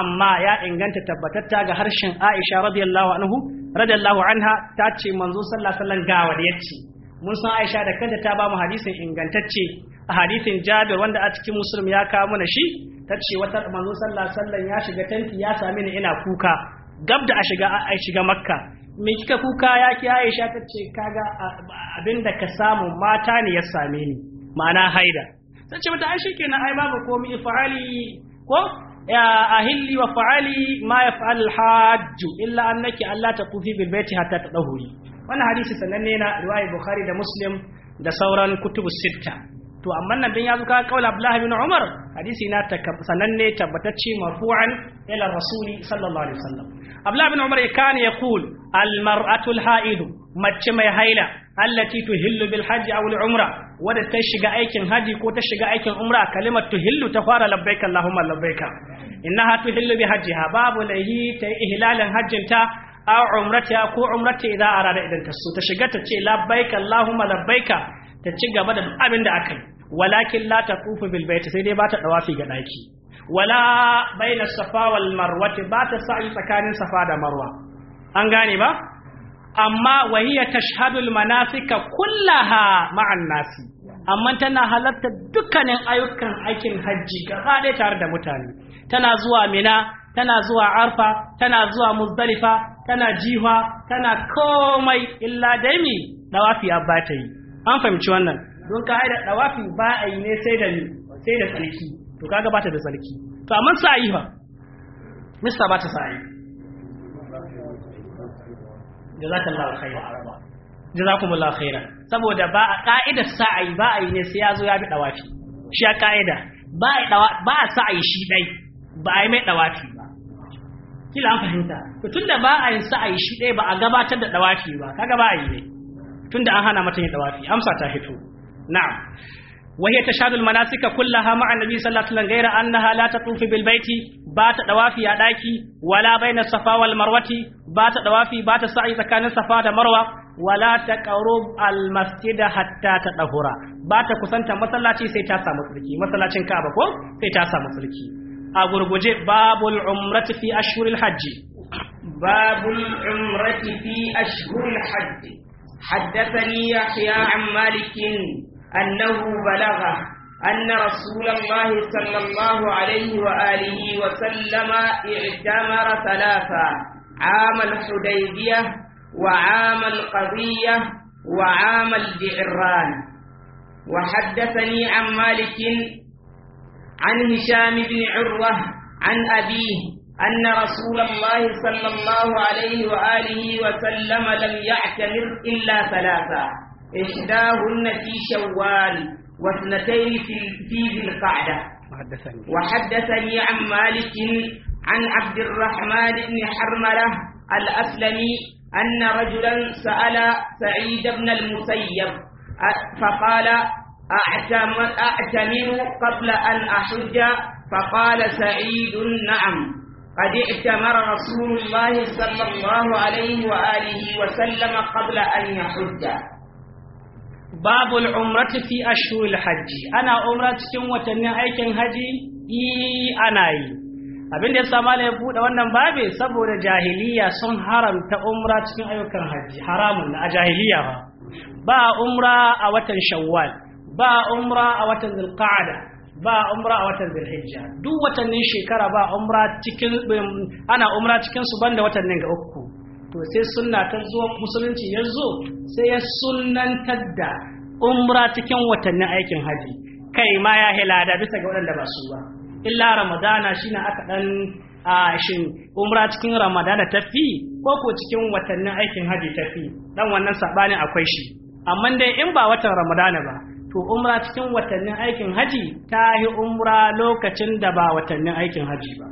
amma ya inganta tabbatatta ga harshen aisha radiyallahu anhu radiyallahu anha ta ce manzo sallallahu alaihi wasallam ga wadiyacci mun san aisha da kanta ta ba mu hadisin ingantacce a hadisin jabir wanda a cikin muslim ya kawo mana shi ta ce wata manzo sallallahu alaihi wasallam ya shiga tanti ya sami ni ina kuka gab da a shiga a shiga makka me kika kuka ya ki Aisha ta ce kaga abinda ka samu mata ne ya same ni ma'ana haida sai ce mata ai shikenan ai babu komai fa'ali ko ya ahilli wa fa'ali ma yaf'al hajj illa annaki Allah ta kufi bil baiti hatta tadahuri wannan hadisi sananne na riwaya Bukhari da Muslim da sauran kutubu sitta to amma nan dan yazo ka kaula Abdullah bin Umar hadisi na sananne tabbatacce marfu'an ila rasuli sallallahu alaihi wasallam abdullahi bin umar kana yaqul al mar'atu haidu mace mai haila allati tuhillu bil hajji aw al umra wadda ta shiga aikin haji ko ta shiga aikin umra kalimar tuhillu ta fara labbaika allahumma labbaika innaha tuhillu bi hajjiha babu lahi ta ihlalin hajjinta aw umrata ko umrata idan arada idan ta so ta shiga ta ce labbaika allahumma labbaika ta ci gaba da duk abin da aka yi walakin la taqufu bil bait sai dai ba ta dawafi ga daki wala baina safa wal marwa ba ta sa'i tsakanin safa da marwa an gane ba amma wahiya tashhadul manasika kullaha ma'an nasi amma tana halarta dukkanin ayyukan aikin hajji gaba ɗaya tare da mutane tana zuwa mina tana zuwa arfa tana zuwa muzdalifa tana jiha tana komai illa dai mi dawafi ba ta yi an fahimci wannan don ka haida dawafi ba a yi ne sai da sai da tsarki to kaga bata da sarki to amma sa'i fa mista ba ta sa'i jazakallahu khairan araba jazakumullahu khairan saboda ba a ka'ida sa'i ba a yi ne sai ya zo ya bi dawafi shi ya ka'ida ba a sa'i shi dai ba a yi mai dawafi ba kila an fahimta to tunda ba a yin sa'ayi shi ɗaya ba a gabatar da dawafi ba kaga ba a yi ne tunda an hana mata yin dawafi amsa ta fito na'am وهي تشهد المناسك كلها مع النبي صلى الله عليه وسلم غير أنها لا تطوف بالبيت بات دوافي أداكي ولا بين الصفا والمروة بات دوافي بات سعي سكان الصفا والمروة ولا تقرب المسجد حتى تطهر بات كسنت مسلاتي سيتا سامسلكي مسلاتين كعبة كو سيتا سامسلكي أغرغوجي باب العمرة في أشهر الحج باب العمرة في أشهر الحج حدثني يحيى عن مالك أنه بلغه أن رسول الله صلى الله عليه وآله وسلم اعتمر ثلاثا عام الحديبية وعام القضية وعام الجعران وحدثني عن مالك عن هشام بن عروة عن أبيه أن رسول الله صلى الله عليه وآله وسلم لم يعتمر إلا ثلاثا إحداهن في شوال واثنتين في ذي القعدة وحدثني وحدثني عن مالك عن عبد الرحمن بن حرملة الأسلمي أن رجلا سأل سعيد بن المسيب فقال أعتمر قبل أن أحج فقال سعيد نعم قد اعتمر رسول الله صلى الله عليه وآله وسلم قبل أن يحج babul umratu fi ashhuril hajji ana umra cikin watannin aikin haji i ana yi abin da ya sa malai buɗe wannan babe saboda jahiliya sun haramta umra cikin ayyukan haji haramun a jahiliya ba ba umra a watan shawwal ba umra a watan zulqa'ada ba umra a watan zulhijja duk watannin shekara ba umra cikin um, ana umra cikin su banda watannin ga uku to sai sunna ta zo musulunci ya zo sai ya sunantar da umra cikin watannin aikin haji kai ma ya helada bisa ga waɗanda ba su ba illa ramadana shine aka dan a shin umra cikin ramadana tafi ko ko cikin watannin aikin haji tafi dan wannan sabani akwai shi amma dai in ba watan ramadana ba to umra cikin watannin aikin haji ta yi umra lokacin da ba watannin aikin haji ba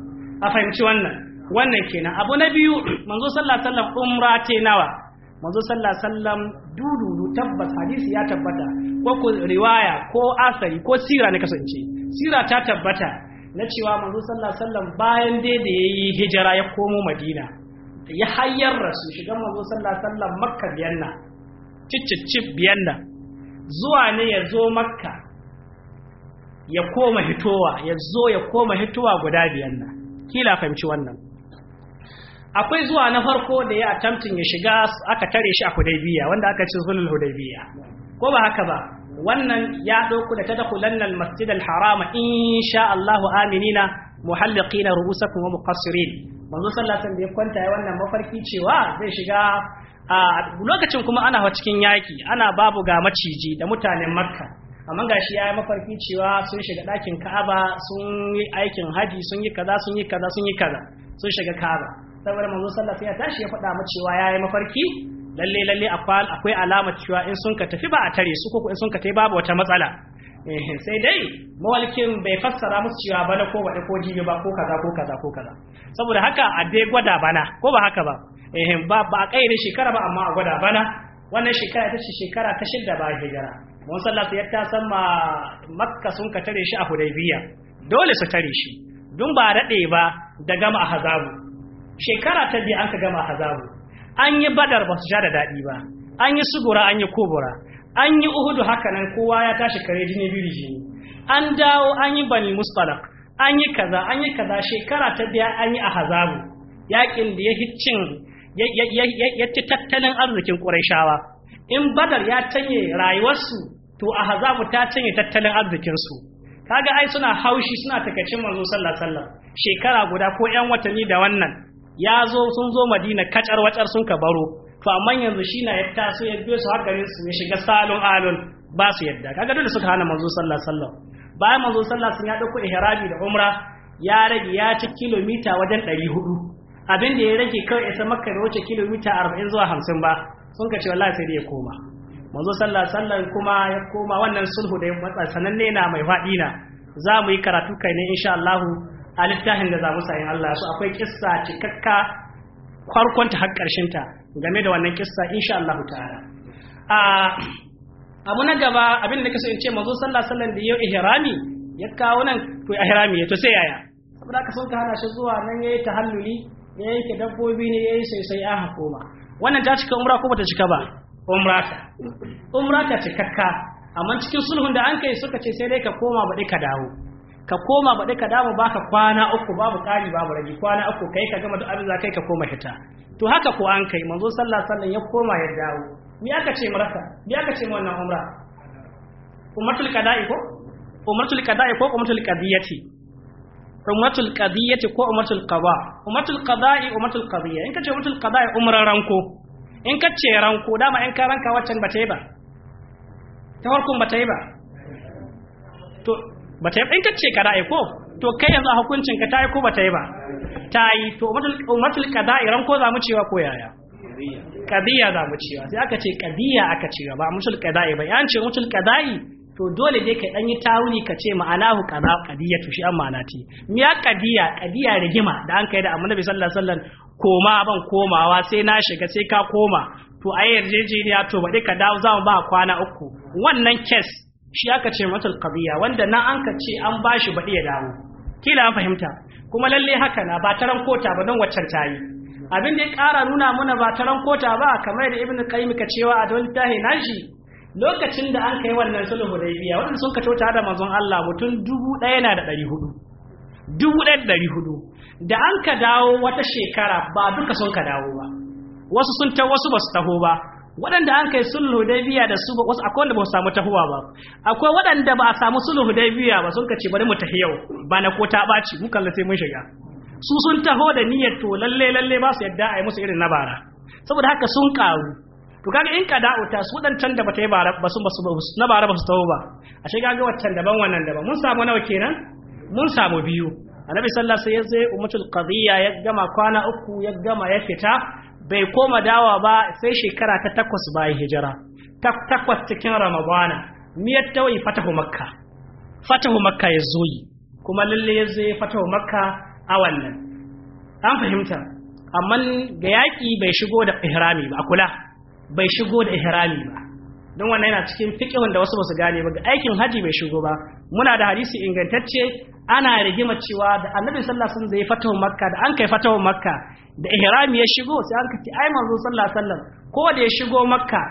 a fahimci wannan wannan kenan abu na biyu manzo sallallahu alaihi wasallam umra ce nawa manzo sallallahu alaihi wasallam dududu tabbas hadisi ya tabbata ko ko riwaya ko asari ko sira ne kasance sira ta tabbata na cewa manzo sallallahu alaihi wasallam bayan dai da yayi hijira ya komo madina ya hayyar rasu shigan manzo sallallahu alaihi wasallam makka biyanna ciccicip biyanna zuwa ne ya zo makka ya koma hitowa ya zo ya koma hitowa guda biyanna kila fahimci wannan akwai zuwa na farko da ya attempting ya shiga aka tare shi a hudaybiya wanda aka ce sulhul hudaybiya ko ba haka ba wannan ya dauko da tadkhulanna al-masjid al-harama insha Allah aminina muhalliqina ru'usakum wa muqassirin manzo sallallahu alaihi wasallam ya kwanta ya wannan mafarki cewa zai shiga a lokacin kuma ana cikin yaki ana babu ga maciji da mutanen makka amma gashi shi ya yi mafarki cewa sun shiga ɗakin ka'aba sun yi aikin haji sun yi kaza sun yi kaza sun yi kaza sun shiga ka'aba saboda manzo sallallahu alaihi wasallam ya tashi ya faɗa mu cewa yayi mafarki lalle lalle akwai alama cewa in sun ka tafi ba a tare su ko in sun ka tai babu wata matsala eh, sai dai mawalikin bai fassara musu cewa bana ko baɗi ko jibi ba ko kaza ko kaza ko kaza saboda haka a dai gwada bana ko ba haka ba eh, ba ba a shekara ba amma a gwada bana wannan shekara ita ce shekara ta shidda ba hijira mun sallah ya ta san makka sun ka tare shi a hudaybiya dole su tare shi dun ba daɗe ba da gama a hazabu shekara ta biyu an ka gama hazabu an yi badar ba su sha da daɗi ba an yi sugura an yi kubura an yi uhudu nan kowa ya tashi kare jini biyu jini an dawo an yi bani musfalak an yi kaza an yi kaza shekara ta biya an yi a hazabu yakin da ya ya ci tattalin arzikin ƙurashawa in badar ya canye rayuwarsu to a hazabu ta canye tattalin arzikinsu kaga ai suna haushi suna takacin manzo sallah sallah. shekara guda ko yan watanni da wannan ya zo sun zo madina kacar wacar sun ka baro to amma yanzu shi na ya taso ya biyo su hakarin su ya shiga salon alon ba su yadda kaga dole suka hana manzo sallallahu alaihi bayan manzo sallallahu alaihi ya dauko ihrabi da umra ya rage ya ci kilomita wajen 400 abin da ya rage kawai isa makka da wuce kilomita 40 zuwa 50 ba sun ka ce wallahi sai dai ya koma manzo sallallahu alaihi kuma ya koma wannan sulhu da ya matsa sananne na mai faɗi na za mu yi karatu kai ne insha Allah a littafin da zamu sayin Allah su akwai kissa cikakka kwarkwanta har karshen ta game da wannan kissa insha Allah ta'ala a abu na gaba abin da kasance in ce manzo sallallahu alaihi wasallam da yau ihrami ya kawo nan to ihrami to sai yaya saboda ka sun ka hana shi zuwa nan yayi tahalluli ya ke dabbobi ne yayi sai sai an hakoma wannan ta cika umra ko bata cika ba umra ta umra ta cikakka amma cikin sulhun da an kai suka ce sai dai ka koma ba dai ka dawo ka koma ba dai ka damu baka kwana uku babu kari babu rage kwana uku kai ka gama duk abin za kai ka koma hita to haka ko an kai manzo sallah wasallam ya koma ya dawo me aka ce marasa me aka ce wannan umra umratul qada'i ko umratul qada'i ko umratul qadiyati umratul qadiyati ko umratul qada umratul qada'i umratul qadiyya in ka ce umratul qada'i umran ranko in ka ce ranko dama in ka ranka waccan ba ta yi ba ta farkon ba ta yi ba to ba ta yi in ka ce ka kada ko to kai yanzu a hukuncin ka ta yi ko ba ta yi ba ta yi to umatul qada'i ran ko za mu cewa ko yaya qadiya za mu cewa sai aka ce qadiya aka cewa ba mutul qada'i ba yan ce mutul qada'i to dole dai ka dan yi tawuli ka ce ma'anahu qada qadiya to shi an ma'ana ti ya qadiya qadiya rigima da an kai da annabi sallallahu alaihi wasallam koma ban komawa sai na shiga sai ka koma to a yarjejeniya to baɗi ka dawo za mu ba kwana uku wannan kes shi aka ce matul qadiya wanda na an ka ce an bashi baɗi ya dawo kila an fahimta kuma lalle haka na ba taran kota ba don waccan tayi abin da ya ƙara nuna mana ba taran kota ba kamar da ibnu qayyim ka cewa a don tahi shi. lokacin da an kai wannan sulhu hudaybiya waɗanda sun ka tota da manzon Allah mutum dubu ɗaya na da ɗari hudu dubu ɗaya da ɗari hudu da an ka dawo wata shekara ba duka sun ka dawo ba wasu sun ta wasu ba su taho ba waɗanda an kai sulhu hudaybiya da su wasu akwai wanda ba su samu tahuwa ba akwai waɗanda ba a samu sulhu hudaybiya ba sun kace bari mu tafi yau ba na ko ta ɓaci mu kalla sai mun shiga su sun taho da niyyar to lalle lalle ba su yadda a musu irin na bara saboda haka sun karu to kaga in ka da'uta su can da ta yi bara ba sun ba su na bara ba su taho ba a shi kaga waccan daban wannan daban mun samu nawa kenan mun samu biyu annabi sallallahu alaihi wasallam sai ya zai ummatul qadiyya ya gama kwana uku ya gama ya fita bai koma dawa ba sai shekara ta takwas bayan hijira takwas cikin ramadana miyar ta tawai fatahu makka fatahu makka ya zo yi kuma lalle ya zo fatahu makka a wannan an fahimta amma ga yaƙi bai shigo da ihrami ba kula bai shigo da ihrami ba don wannan yana cikin fiƙihun da wasu ba su gane ba ga aikin haji bai shigo ba muna da hadisi ingantacce ana rigima cewa da annabi sallallahu alaihi wasallam zai ya fatahu makka da an kai fatahu makka da ihram ya shigo sai an kace ai manzo sallallahu alaihi wasallam ko da ya shigo makka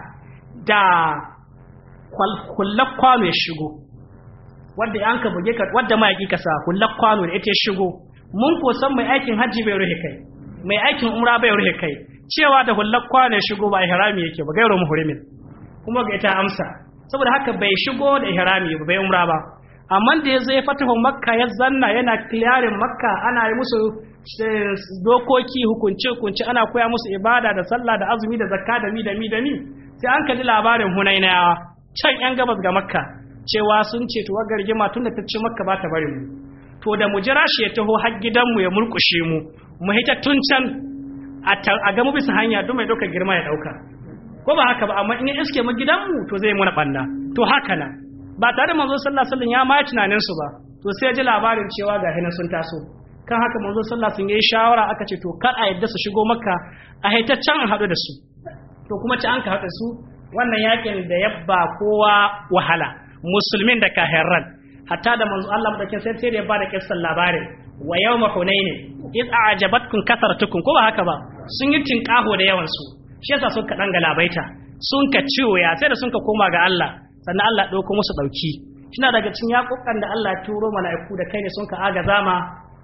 da kullak ya shigo wanda an ka buge ka wanda mai yaki sa kullak da ita ya shigo mun ko san mai aikin haji bai ruhe kai mai aikin umra bai ruhe kai cewa da kullak ya shigo ba ihrami yake ba gairo muhrimin kuma ga ita amsa saboda haka bai shigo da ihrami ba bai umra ba amma da ya zai fatahu makka ya zanna yana kiliyarin makka ana yi musu eh, dokoki hukunci hukunci ana koya musu ibada da sallah da azumi da zakka da mi da mi da mi sai an kaji labarin hunainawa can yan gabas ga makka cewa sun ce to gargima da ta ci makka ba ta bari mu to da mu jira shi ya taho har gidanmu ya murkushe mu mu hita tun can a ga mu bisa hanya duk mai dauka girma ya dauka ko ba haka ba amma in iske mu gidanmu to zai muna banda to haka na. ba tare manzo sallallahu alaihi wasallam ya ma tunanin su ba to sai ji labarin cewa ga hina sun taso kan haka manzo sallallahu alaihi wasallam ya yi shawara aka ce to kar a yadda su shigo makka a haitaccen haɗu da su to kuma ci an ka haɗa su wannan yakin da yabba kowa wahala musulmin da kahirran hatta da manzo Allah madakin sai sai ya ba da kissan labarin wa yawma hunaini iz a'jabatkum kasaratukum ko ba haka ba sun yi tinkaho da yawan su shi yasa sun ka dan galabaita sun ka ciwo ya sai da sun ka koma ga Allah sannan Allah ɗauko musu ɗauki shina daga cikin yaƙoƙan da Allah turo mala'iku da kai ne sun ka aga zama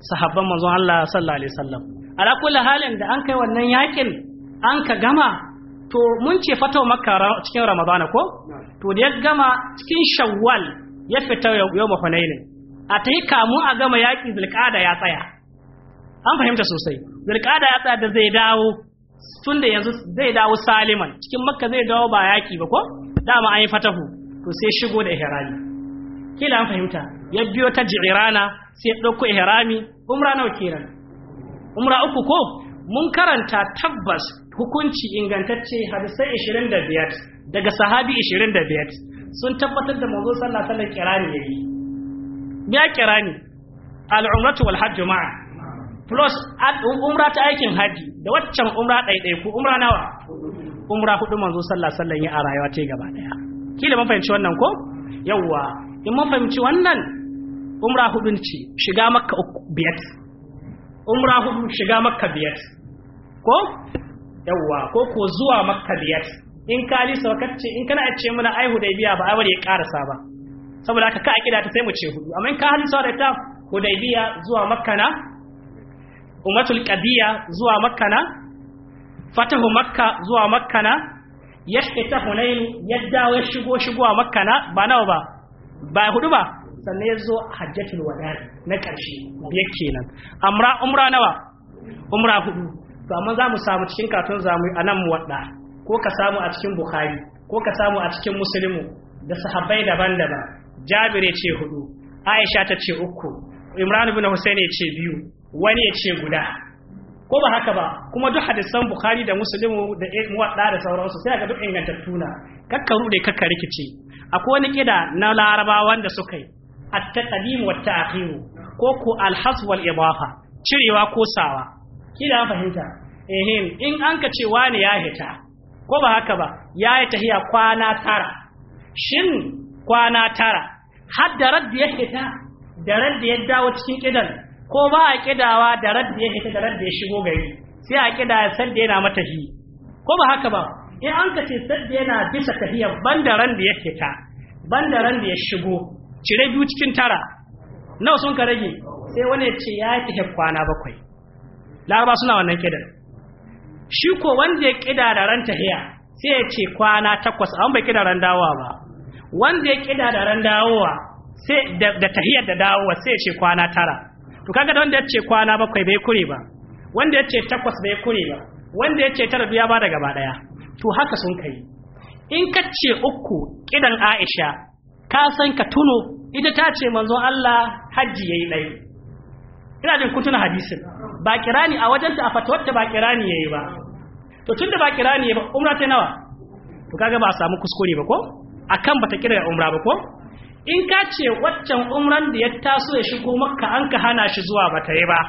sahabban manzon Allah sallallahu alaihi wasallam ala kulli halin da an kai wannan yakin an ka gama to mun ce fatawa makka cikin ramadana ko to da ya gama cikin shawwal ya fita yau mahunainin a ta yi kamu a gama yaƙi zulƙada ya tsaya an fahimta sosai zulƙada ya tsaya da zai dawo tun da yanzu zai dawo saliman cikin makka zai dawo ba yaƙi ba ko dama an yi fatahu to sai shigo da ihrami kila an fahimta ya biyo ta jirana sai ɗauko ihrami umra nawa kenan umra uku ko mun karanta tabbas hukunci ingantacce hadisai 25 daga sahabi 25 sun tabbatar da manzo sallallahu alaihi wasallam kirani yayi ya kirani al-umratu wal hajj ma'a plus umra ta aikin haji da waccan umra ɗaiɗaiku umra nawa umra hudu manzo sallallahu alaihi wasallam ya a rayuwa ce gaba daya kila mun fahimci wannan ko yawwa in mun fahimci wannan umra hudu ce shiga makka biyar umra hudu shiga makka biyar ko yawwa ko ko zuwa makka biyar in ka lisa wakacce in kana ce muna ai hudaybiya ba ai ya karasa ba saboda haka ka akida ta sai mu ce hudu amma in ka halisa da ta hudaybiya zuwa makka na umatul qadiya zuwa makka na fatahu makka zuwa makka na ya fita hunain ya dawo ya shigo shigo a makka na ba nawa ba ba hudu ba sannan ya zo hajjatul wada na ƙarshe biyar kenan amra umra nawa umra hudu to amma za mu samu cikin katon zamu a nan wada ko ka samu a cikin bukhari ko ka samu a cikin muslimu da sahabbai daban-daban jabir ce hudu aisha ta ce uku imran ibn husain ya ce biyu wani ya ce guda ko ba haka ba kuma duk hadisan bukhari da muslimu da muwadda da sauransu sai ga duk ingantattu na kakkaru ne kakka rikice akwai wani kida na laraba da suka yi at-taqdim wa ta'khir ko ko al-hasb wal idafa cirewa ko sawa kida fahimta ehem in an ka ce wani ya hita ko ba haka ba ya yi tahiya kwana tara shin kwana tara har da radda ya hita da ya dawo cikin kidan ko ba a kidawa da radda ya fita da radda ya shigo gari sai a kida sanda yana matafi, ko ba haka ba in an ka ce sadda yana bisa tahiya banda ran da ya fita banda ran da ya shigo cire biyu cikin tara nawa sun ka rage sai wani ya ce ya fi kwana bakwai laraba suna wannan kidan shi ko wanda ya kida da ran tahiya sai ya ce kwana takwas an bai kida ran dawowa ba wanda ya kida da ran dawowa sai da tahiyar da dawowa sai ya ce kwana tara to kaga da wanda ya ce kwana bakwai bai kure ba wanda ya ce takwas bai kure ba wanda ya ce tara duya ba da gaba daya to haka sun kai in ka ce uku kidan aisha ka san ka tuno ita ta ce manzon Allah hajji yayi dai ina jin tuna hadisin ba kirani a wajen ta a ta ba kirani yayi ba to tunda ba kirani ba umra ta nawa to kaga ba a samu kuskure ba ko akan bata kira umra ba ko in ka ce waccan umran da ya taso ya shigo makka an ka hana shi zuwa ba ta yi ba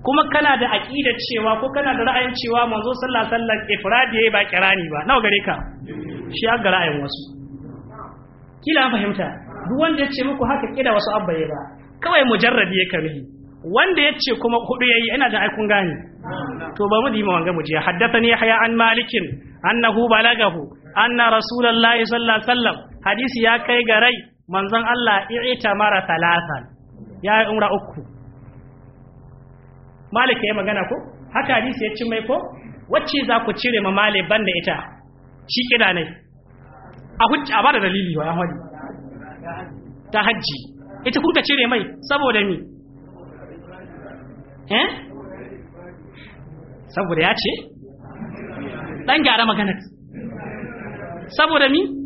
kuma kana da aƙidar cewa ko kana da ra'ayin cewa manzo sallah sallan ifradi yayi ba kirani ba nawa gare ka shi ga ra'ayin wasu kila fahimta duk wanda ya ce muku haka kida wasu abba ba kawai mujarrabi ya kare wanda ya ce kuma hudu yayi ina da aikun gani. to ba mu di ma wanga mu je haddathani yahya an malikin annahu balagahu anna rasulullahi sallallahu alaihi wasallam hadisi ya kai ga rai manzon Allah i'ita mara talatan ya yi umra uku malik ya magana ko haka hadisi ya ci mai ko wacce za ku cire ma malik ban da ita shi kira ne a hujja ba da dalili ba hajji ta hajji ita kuka cire mai saboda mi eh saboda ya ce dan gyara magana saboda mi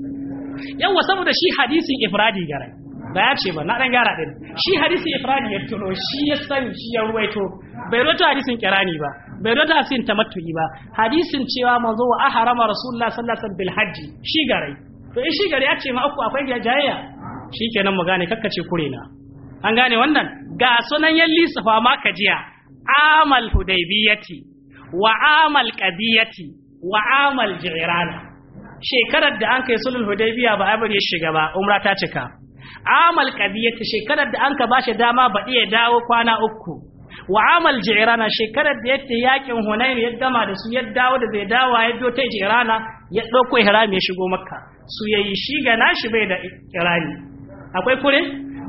yawa saboda shi hadisin ifradi garai ba ya ce ba na dan gara din shi hadisin ifradi ya tuno shi ya sani shi ya ruwaito bai ruwaito hadisin kirani ba bai ruwaito hadisin tamattu'i ba hadisin cewa manzo wa harama rasulullah sallallahu alaihi wasallam bil hajji shi garai to in shi gari ya ce ma uku akwai jayayya shikenan mu gane kakace kure na an gane wannan ga sunan yan lissafa ma ka jiya amal hudaybiyati wa amal qadiyati wa amal jirana shekarar da an kai sulhul hudaybiya ba a ya shiga ba umra ta cika amal qadiyat shekarar da anka ka bashi dama ba iya dawo kwana uku wa amal jirana shekarar da yake yakin hunain ya dama da su ya dawo da zai dawo ya biyo ta jirana ya dauko ihram ya shigo makka su yayi shi ga nashi bai da ihrami akwai kure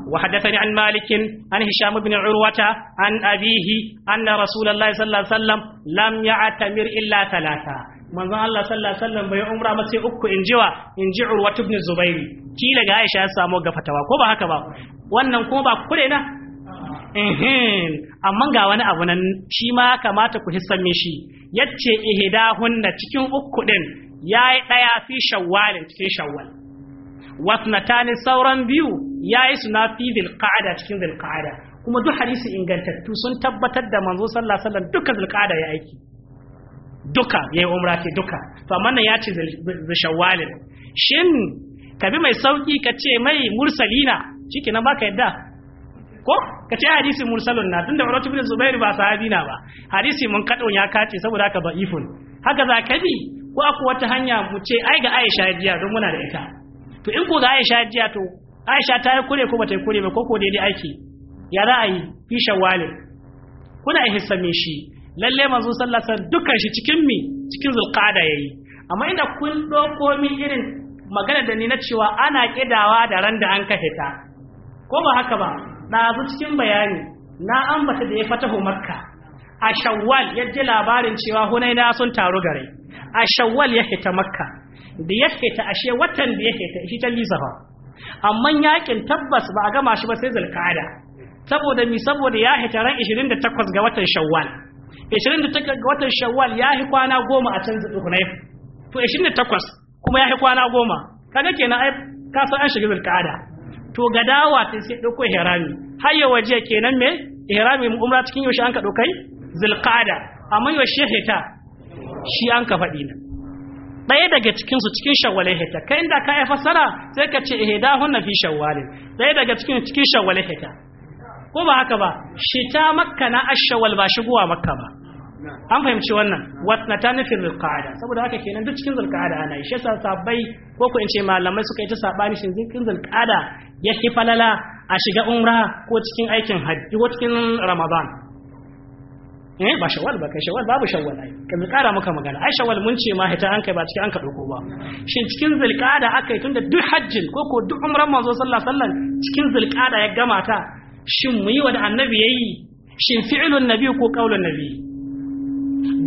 وحدثني عن مالك عن هشام بن عروة عن أبيه أن رسول الله صلى الله عليه وسلم لم يعتمر إلا ثلاثة manzon Allah sallallahu alaihi wasallam bai umra ba sai uku in jiwa in ji urwa ibn zubairi kila ga Aisha ya samu ga fatawa ko ba haka ba wannan kuma ba kure na amma ga wani abu nan shi ma kamata ku hissan me shi yace ihdahunna cikin uku din yayi daya fi shawwal cikin shawwal wasnatani sauran biyu yayi suna fi bil qa'da cikin bil qa'da kuma duk hadisi ingantattu sun tabbatar da manzo sallallahu alaihi wasallam duka zulqa'da ya aiki duka ya yi umra ke duka to amma nan ya ce zashawalin shin ka bi mai sauki ka ce mai mursalina ciki na baka yadda ko ka ce hadisi mursalun na tunda Urwatu bin Zubair ba sahabi na ba hadisi mun kadon ya kace saboda haka ba ifun haka za ka bi ko aku wata hanya mu ce ai ga Aisha jiya don muna da ita to in ko ga Aisha jiya to Aisha ta yi kure ko ba ta yi kure ba ko ko daidai aiki ya za a yi fi shawalin kuna hisami shi lalle manzo sallallahu alaihi wasallam dukkan shi cikin mi cikin zulqada yayi amma inda kun doko mi irin magana da ni na cewa ana kidawa da ran da an kashe hita ko ba haka ba na zu cikin bayani na ambata da ya fatahu makka a shawwal ya ji labarin cewa hunaina sun taru gare a shawwal ya hita makka da ya hita ashe watan da ya hita shi ta fa. amma yakin tabbas ba a gama shi ba sai zulqada saboda mi saboda ya hita ran 28 ga watan shawwal 28 ga watan shawwal ya yi kwana goma a can zukunai to 28 kuma ya yi kwana goma kaga kenan ai ka san an shiga zulkada to ga dawa sai sai dauko ihrami har ya waje kenan me ihrami umra cikin yaushe an ka dokai zulkada amma yaushe hita shi an ka faɗi ɗaya daga cikinsu cikin shawwalin hita kai inda ka yi fasara sai ka ce ihda eh, hunna fi shawwalin ɗaya daga cikin cikin shawwalin hita ko ba haka ba shita makka na ashawal ba shigowa makka ba an fahimci wannan wasna ta nufin zulqa'ada saboda haka kenan duk cikin zulqa'ada ana shi sa sabai ko ku in ce malamai suka yi ta sabani shi cikin zulqa'ada ya fi falala a shiga umra ko cikin aikin hajji ko cikin ramadan eh ba shawal ba kai shawal babu shawal ai kan kara muka magana ai shawal mun ce ma hita an kai ba cikin an ka dauko ba shi cikin zulqa'ada akai tunda duk hajjin ko ko duk umran manzo sallallahu alaihi wasallam cikin zulqa'ada ya gama ta shin mu yi wa da annabi ya yi shin fi'ilun nabi ko ƙaunar nabi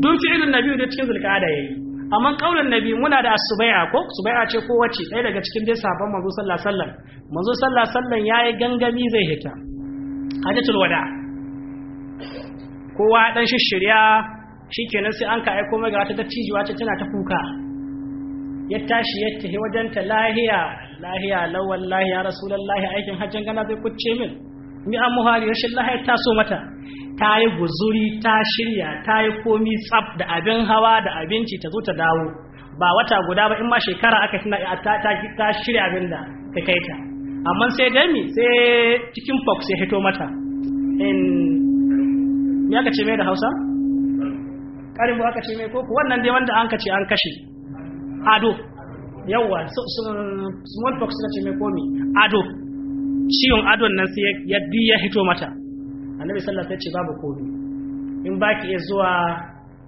don fi'ilun nabi da cikin zulkada ya yi amma ƙaunar nabi muna da asubaya ko subai'a ce ko wace, ɗaya daga cikin dai sabon manzo sallallahu alaihi wasallam manzo sallallahu alaihi wasallam yayi gangami zai hita hajjatul wada kowa dan shishirya shikenan sai an ka aiko mai ga wata dattijuwa ce tana ta kuka ya tashi ya tafi wajenta lahiya lahiya lawan lahiya rasulullahi aikin hajjan gana zai kucce min mi an muhari rashin lahayar ta so mata ta yi guzuri ta shirya ta yi komi tsaf da abin hawa da abinci ta zo ta dawo ba wata guda ba in ma shekara aka tana ta ta shirya abin da ka kai ta amma sai dami sai cikin fox ya hito mata in me aka ce mai da Hausa karin aka ce mai koko wannan dai wanda an ka ce an kashe ado yawa smallpox na ce mai komi ado ciwon adon nan sai ya ya hito mata annabi sallallahu alaihi wasallam ce babu komai in baki iya zuwa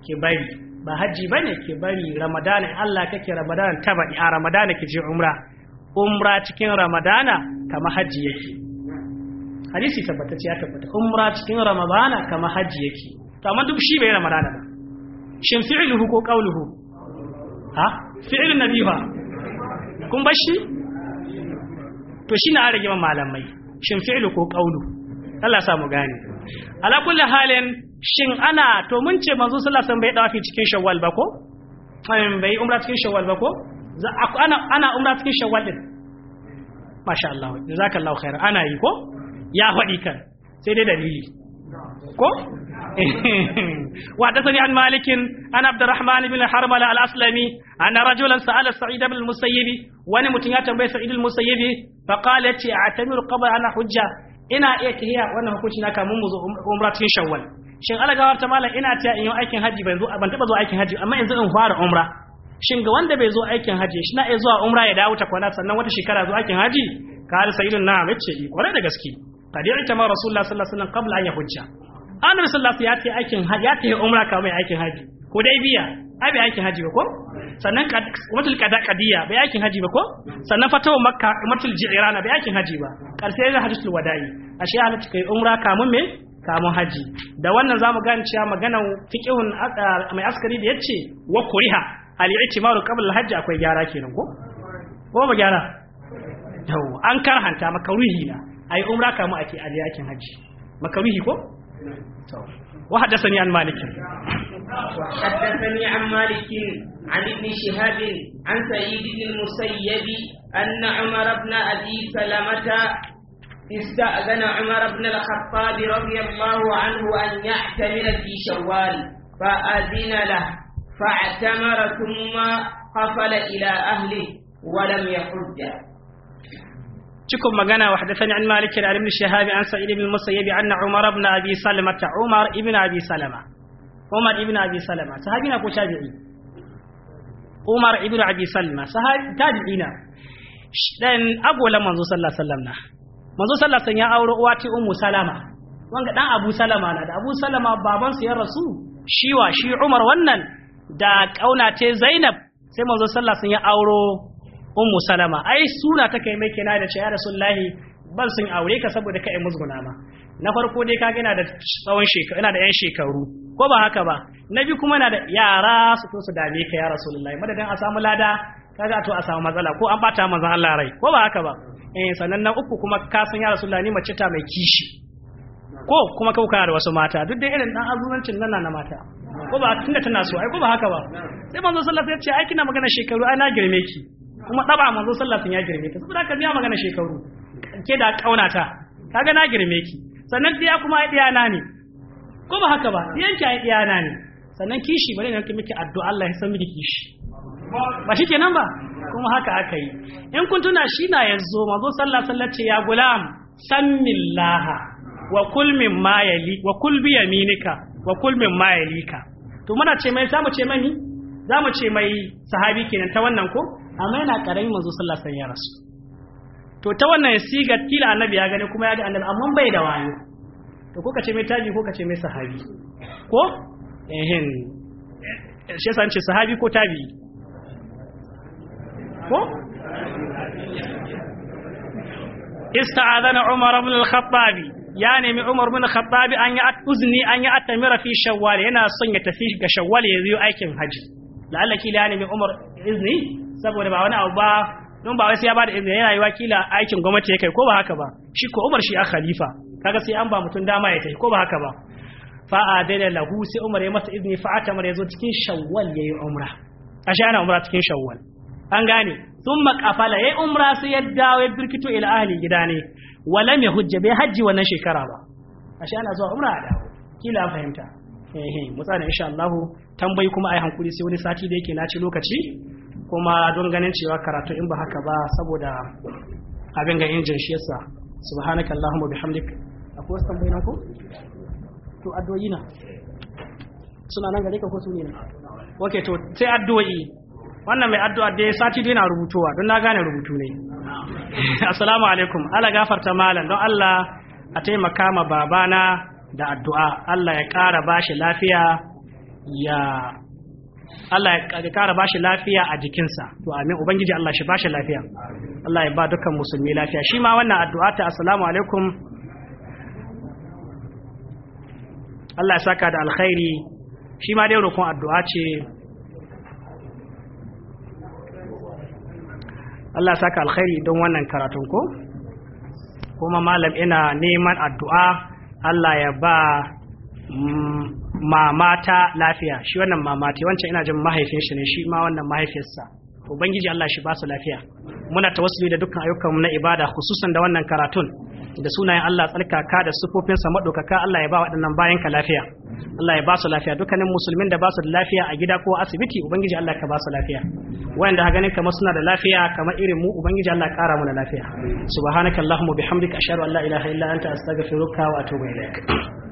ke bari ba haji bane ke bari ramadana Allah kake ramadana tabadi a ramadana ke je umra umra cikin ramadana kama haji yake hadisi tabbatacce ya tabbata umra cikin ramadana kama haji yake to amma duk shi bai ramadana ba shin fi'luhu ko qawluhu ha fi'lun nabiha kun bar shi to shi na man malamai shin fi'lu ko qawlu Allah samu gane ala kulli halin shin ana to mun ce manzo sallallahu alaihi wasallam bai dawafi cikin shawwal ba ko bai umra cikin shawwal ba ko ana ana umra cikin shawwal din masha Allah jazakallahu khairan ana yi ko ya faɗi kan sai dai dalili ko wa hadathani an malikin an abdurrahman ibn harmala al aslami an rajulan sa'ala sa'id ibn musayyib wa ni mutun ya tambaye sa'id ibn musayyib fa qala ti a'tamiru qabla ana hujja ina iya tahiya wannan hukunci na kamun mu um-, umratin shawwal shin alagawar ta malam ina ta in yi aikin haji ban zo ban taba zo aikin haji amma yanzu in fara umra shin ga wanda bai zo aikin haji shi na iya zuwa umra ya dawo ta kwana sannan wata shekara zo aikin haji ka har sa'idun na mace yi eh, kwarai da gaske qad ma rasulullah sallallahu alaihi wasallam qabla an yahujja annabi sallallahu alaihi wasallam ya ce aikin haji ya ce umra ka mai aikin hajji ko dai biya ai bai aikin hajji ba ko sannan umatul qada qadiya bai aikin hajji ba ko sannan fatawa makka umatul ji'rana bai aikin hajji ba karshe ya hajjatul wada'i ashe ana kai umra kamun me kamun haji da wannan zamu gane cewa maganar fiqhun mai askari da yace wa kuriha al-i'timaru qabla al-hajj akwai gyara kenan ko ko ba gyara yau an karhanta maka ruhi na ai umra kamu ake a yakin haji makaruhi ko وحدثني عن مالك وحدثني عن مالك عن ابن شهاب عن سعيد بن المسيب أن عمر بن أبي سلمة استأذن عمر بن الخطاب رضي الله عنه أن يعتمر في شوال فأذن له فاعتمر ثم قفل إلى أهله ولم يحج cikon magana wa hadathani an malik an ibn shihab an sa'id ibn musayyib anna umar ibn abi salama ta umar ibn abi salama umar ibn abi salama sahabi na ko tabi'i umar ibn abi salama sahabi tabi'ina dan agola manzo sallallahu alaihi na manzo sallallahu alaihi wasallam ya auro uwa ti ummu salama wanga dan abu salama na da abu salama baban su ya rasu shiwa shi umar wannan da kauna ce zainab sai manzo sallallahu alaihi ya auro ummu salama ai suna ta kai mai kenan da ce ya rasulullahi ban sun aure ka saboda kai musguna ma na farko dai kaga yana da tsawon shekaru yana da yan shekaru ko ba haka ba na bi kuma yana da yara su to su dame ka ya rasulullahi madadin a samu lada kaga to a samu matsala ko an bata manzon Allah rai ko ba haka ba eh sannan na uku kuma ka san ya rasulullahi ni mace ta mai kishi ko kuma kauka da wasu mata duk dai irin dan azumancin nan na mata ko ba tunda tana so ai ko ba haka ba sai manzo sallallahu alaihi wasallam ya ce ai kina magana shekaru ai na girme ki kuma daba manzo sallah sun ya girme ta saboda ka biya magana shekaru ke da kaunata kaga na girme ki sannan diya kuma ai diya na ne ko ba haka ba diyan ki ai diya na ne sannan kishi bare ne miki addu'a Allah ya san miki kishi ba shi kenan ba kuma haka aka yi in kun tuna shi na yanzu manzo sallah alaihi ce ya gulam sammillaha wa kul mimma yali wa kul bi yaminika wa kul ya yalika to muna ce mai zamu ce mani zamu ce mai sahabi kenan ta wannan ko amma yana karami manzo sallallahu alaihi wasallam ya rasu to ta wannan siga kila annabi ya gani kuma ya ga annabi amma bai da wayo to ko kace mai tabi ko kace mai sahabi ko ehin shi san ce sahabi ko tabi ko umar ibn al-khattab ya nemi Umar al khattab an yi uzni an yi atamira fi Shawwal yana son ya tafi ga Shawwal ya yi aikin haji la'alla kila ya nemi Umar izni saboda ba wani abu ba don ba wai sai ya da izini yana yi kila aikin gwamnati yake ko ba haka ba shi ko Umar shi a khalifa kaga sai an ba mutum dama ya kai ko ba haka ba fa adana lahu sai Umar ya masa izini fa atamar ya zo cikin Shawwal yi umra ashe ana umra cikin Shawwal an gane thumma qafala yayi umra sai ya dawo ya birkito ila ahli gida ne walam yahujja bai hajji wannan shekara ba ashe ana zuwa umra a dawo kila fahimta eh eh mutsa insha Allah tambayi kuma ai hankuri sai wani sati da yake na lokaci kuma don ganin cewa karatu in ba haka ba saboda abin ga injin shi yasa subhanaka allahumma bihamdik akwai wasu tambayi ko to addu'o'i na suna nan gare ka ko su ne na okay to sai addu'o'i wannan mai addu'a da ya sati dai na rubutuwa don na gane rubutu ne assalamu alaikum Allah gafarta malam don Allah a taimaka ma babana da addu'a Allah ya ƙara bashi lafiya ya Allah ya kara bashi lafiya a jikinsa to amin ubangiji Allah shi bashi lafiya Allah ya ba dukkan musulmi lafiya shi ma wannan addu'a ta assalamu alaikum Allah ya saka da alkhairi shi ma dai rukun addu'a ce Allah ya saka alkhairi don wannan karatun ko kuma malam ina neman addu'a Allah ya ba mm, mamata lafiya shi wannan mamata wancan ina jin mahaifin shi ne shi ma wannan mahaifiyarsa ubangiji Allah shi ba su lafiya muna tawassuli da dukkan ayyukan na ibada khususan da wannan karatun da sunayen Allah tsarkaka da sufofinsa maɗaukaka Allah ya ba waɗannan bayan ka lafiya Allah ya ba su lafiya dukkanin musulmin da ba su da lafiya a gida ko asibiti ubangiji Allah ka ba su lafiya wayanda ha ganin kamar suna da lafiya kamar irin mu ubangiji Allah ya ƙara mana lafiya subhanakallahumma bihamdika ashhadu an la ilaha illa anta astaghfiruka wa atubu ilaik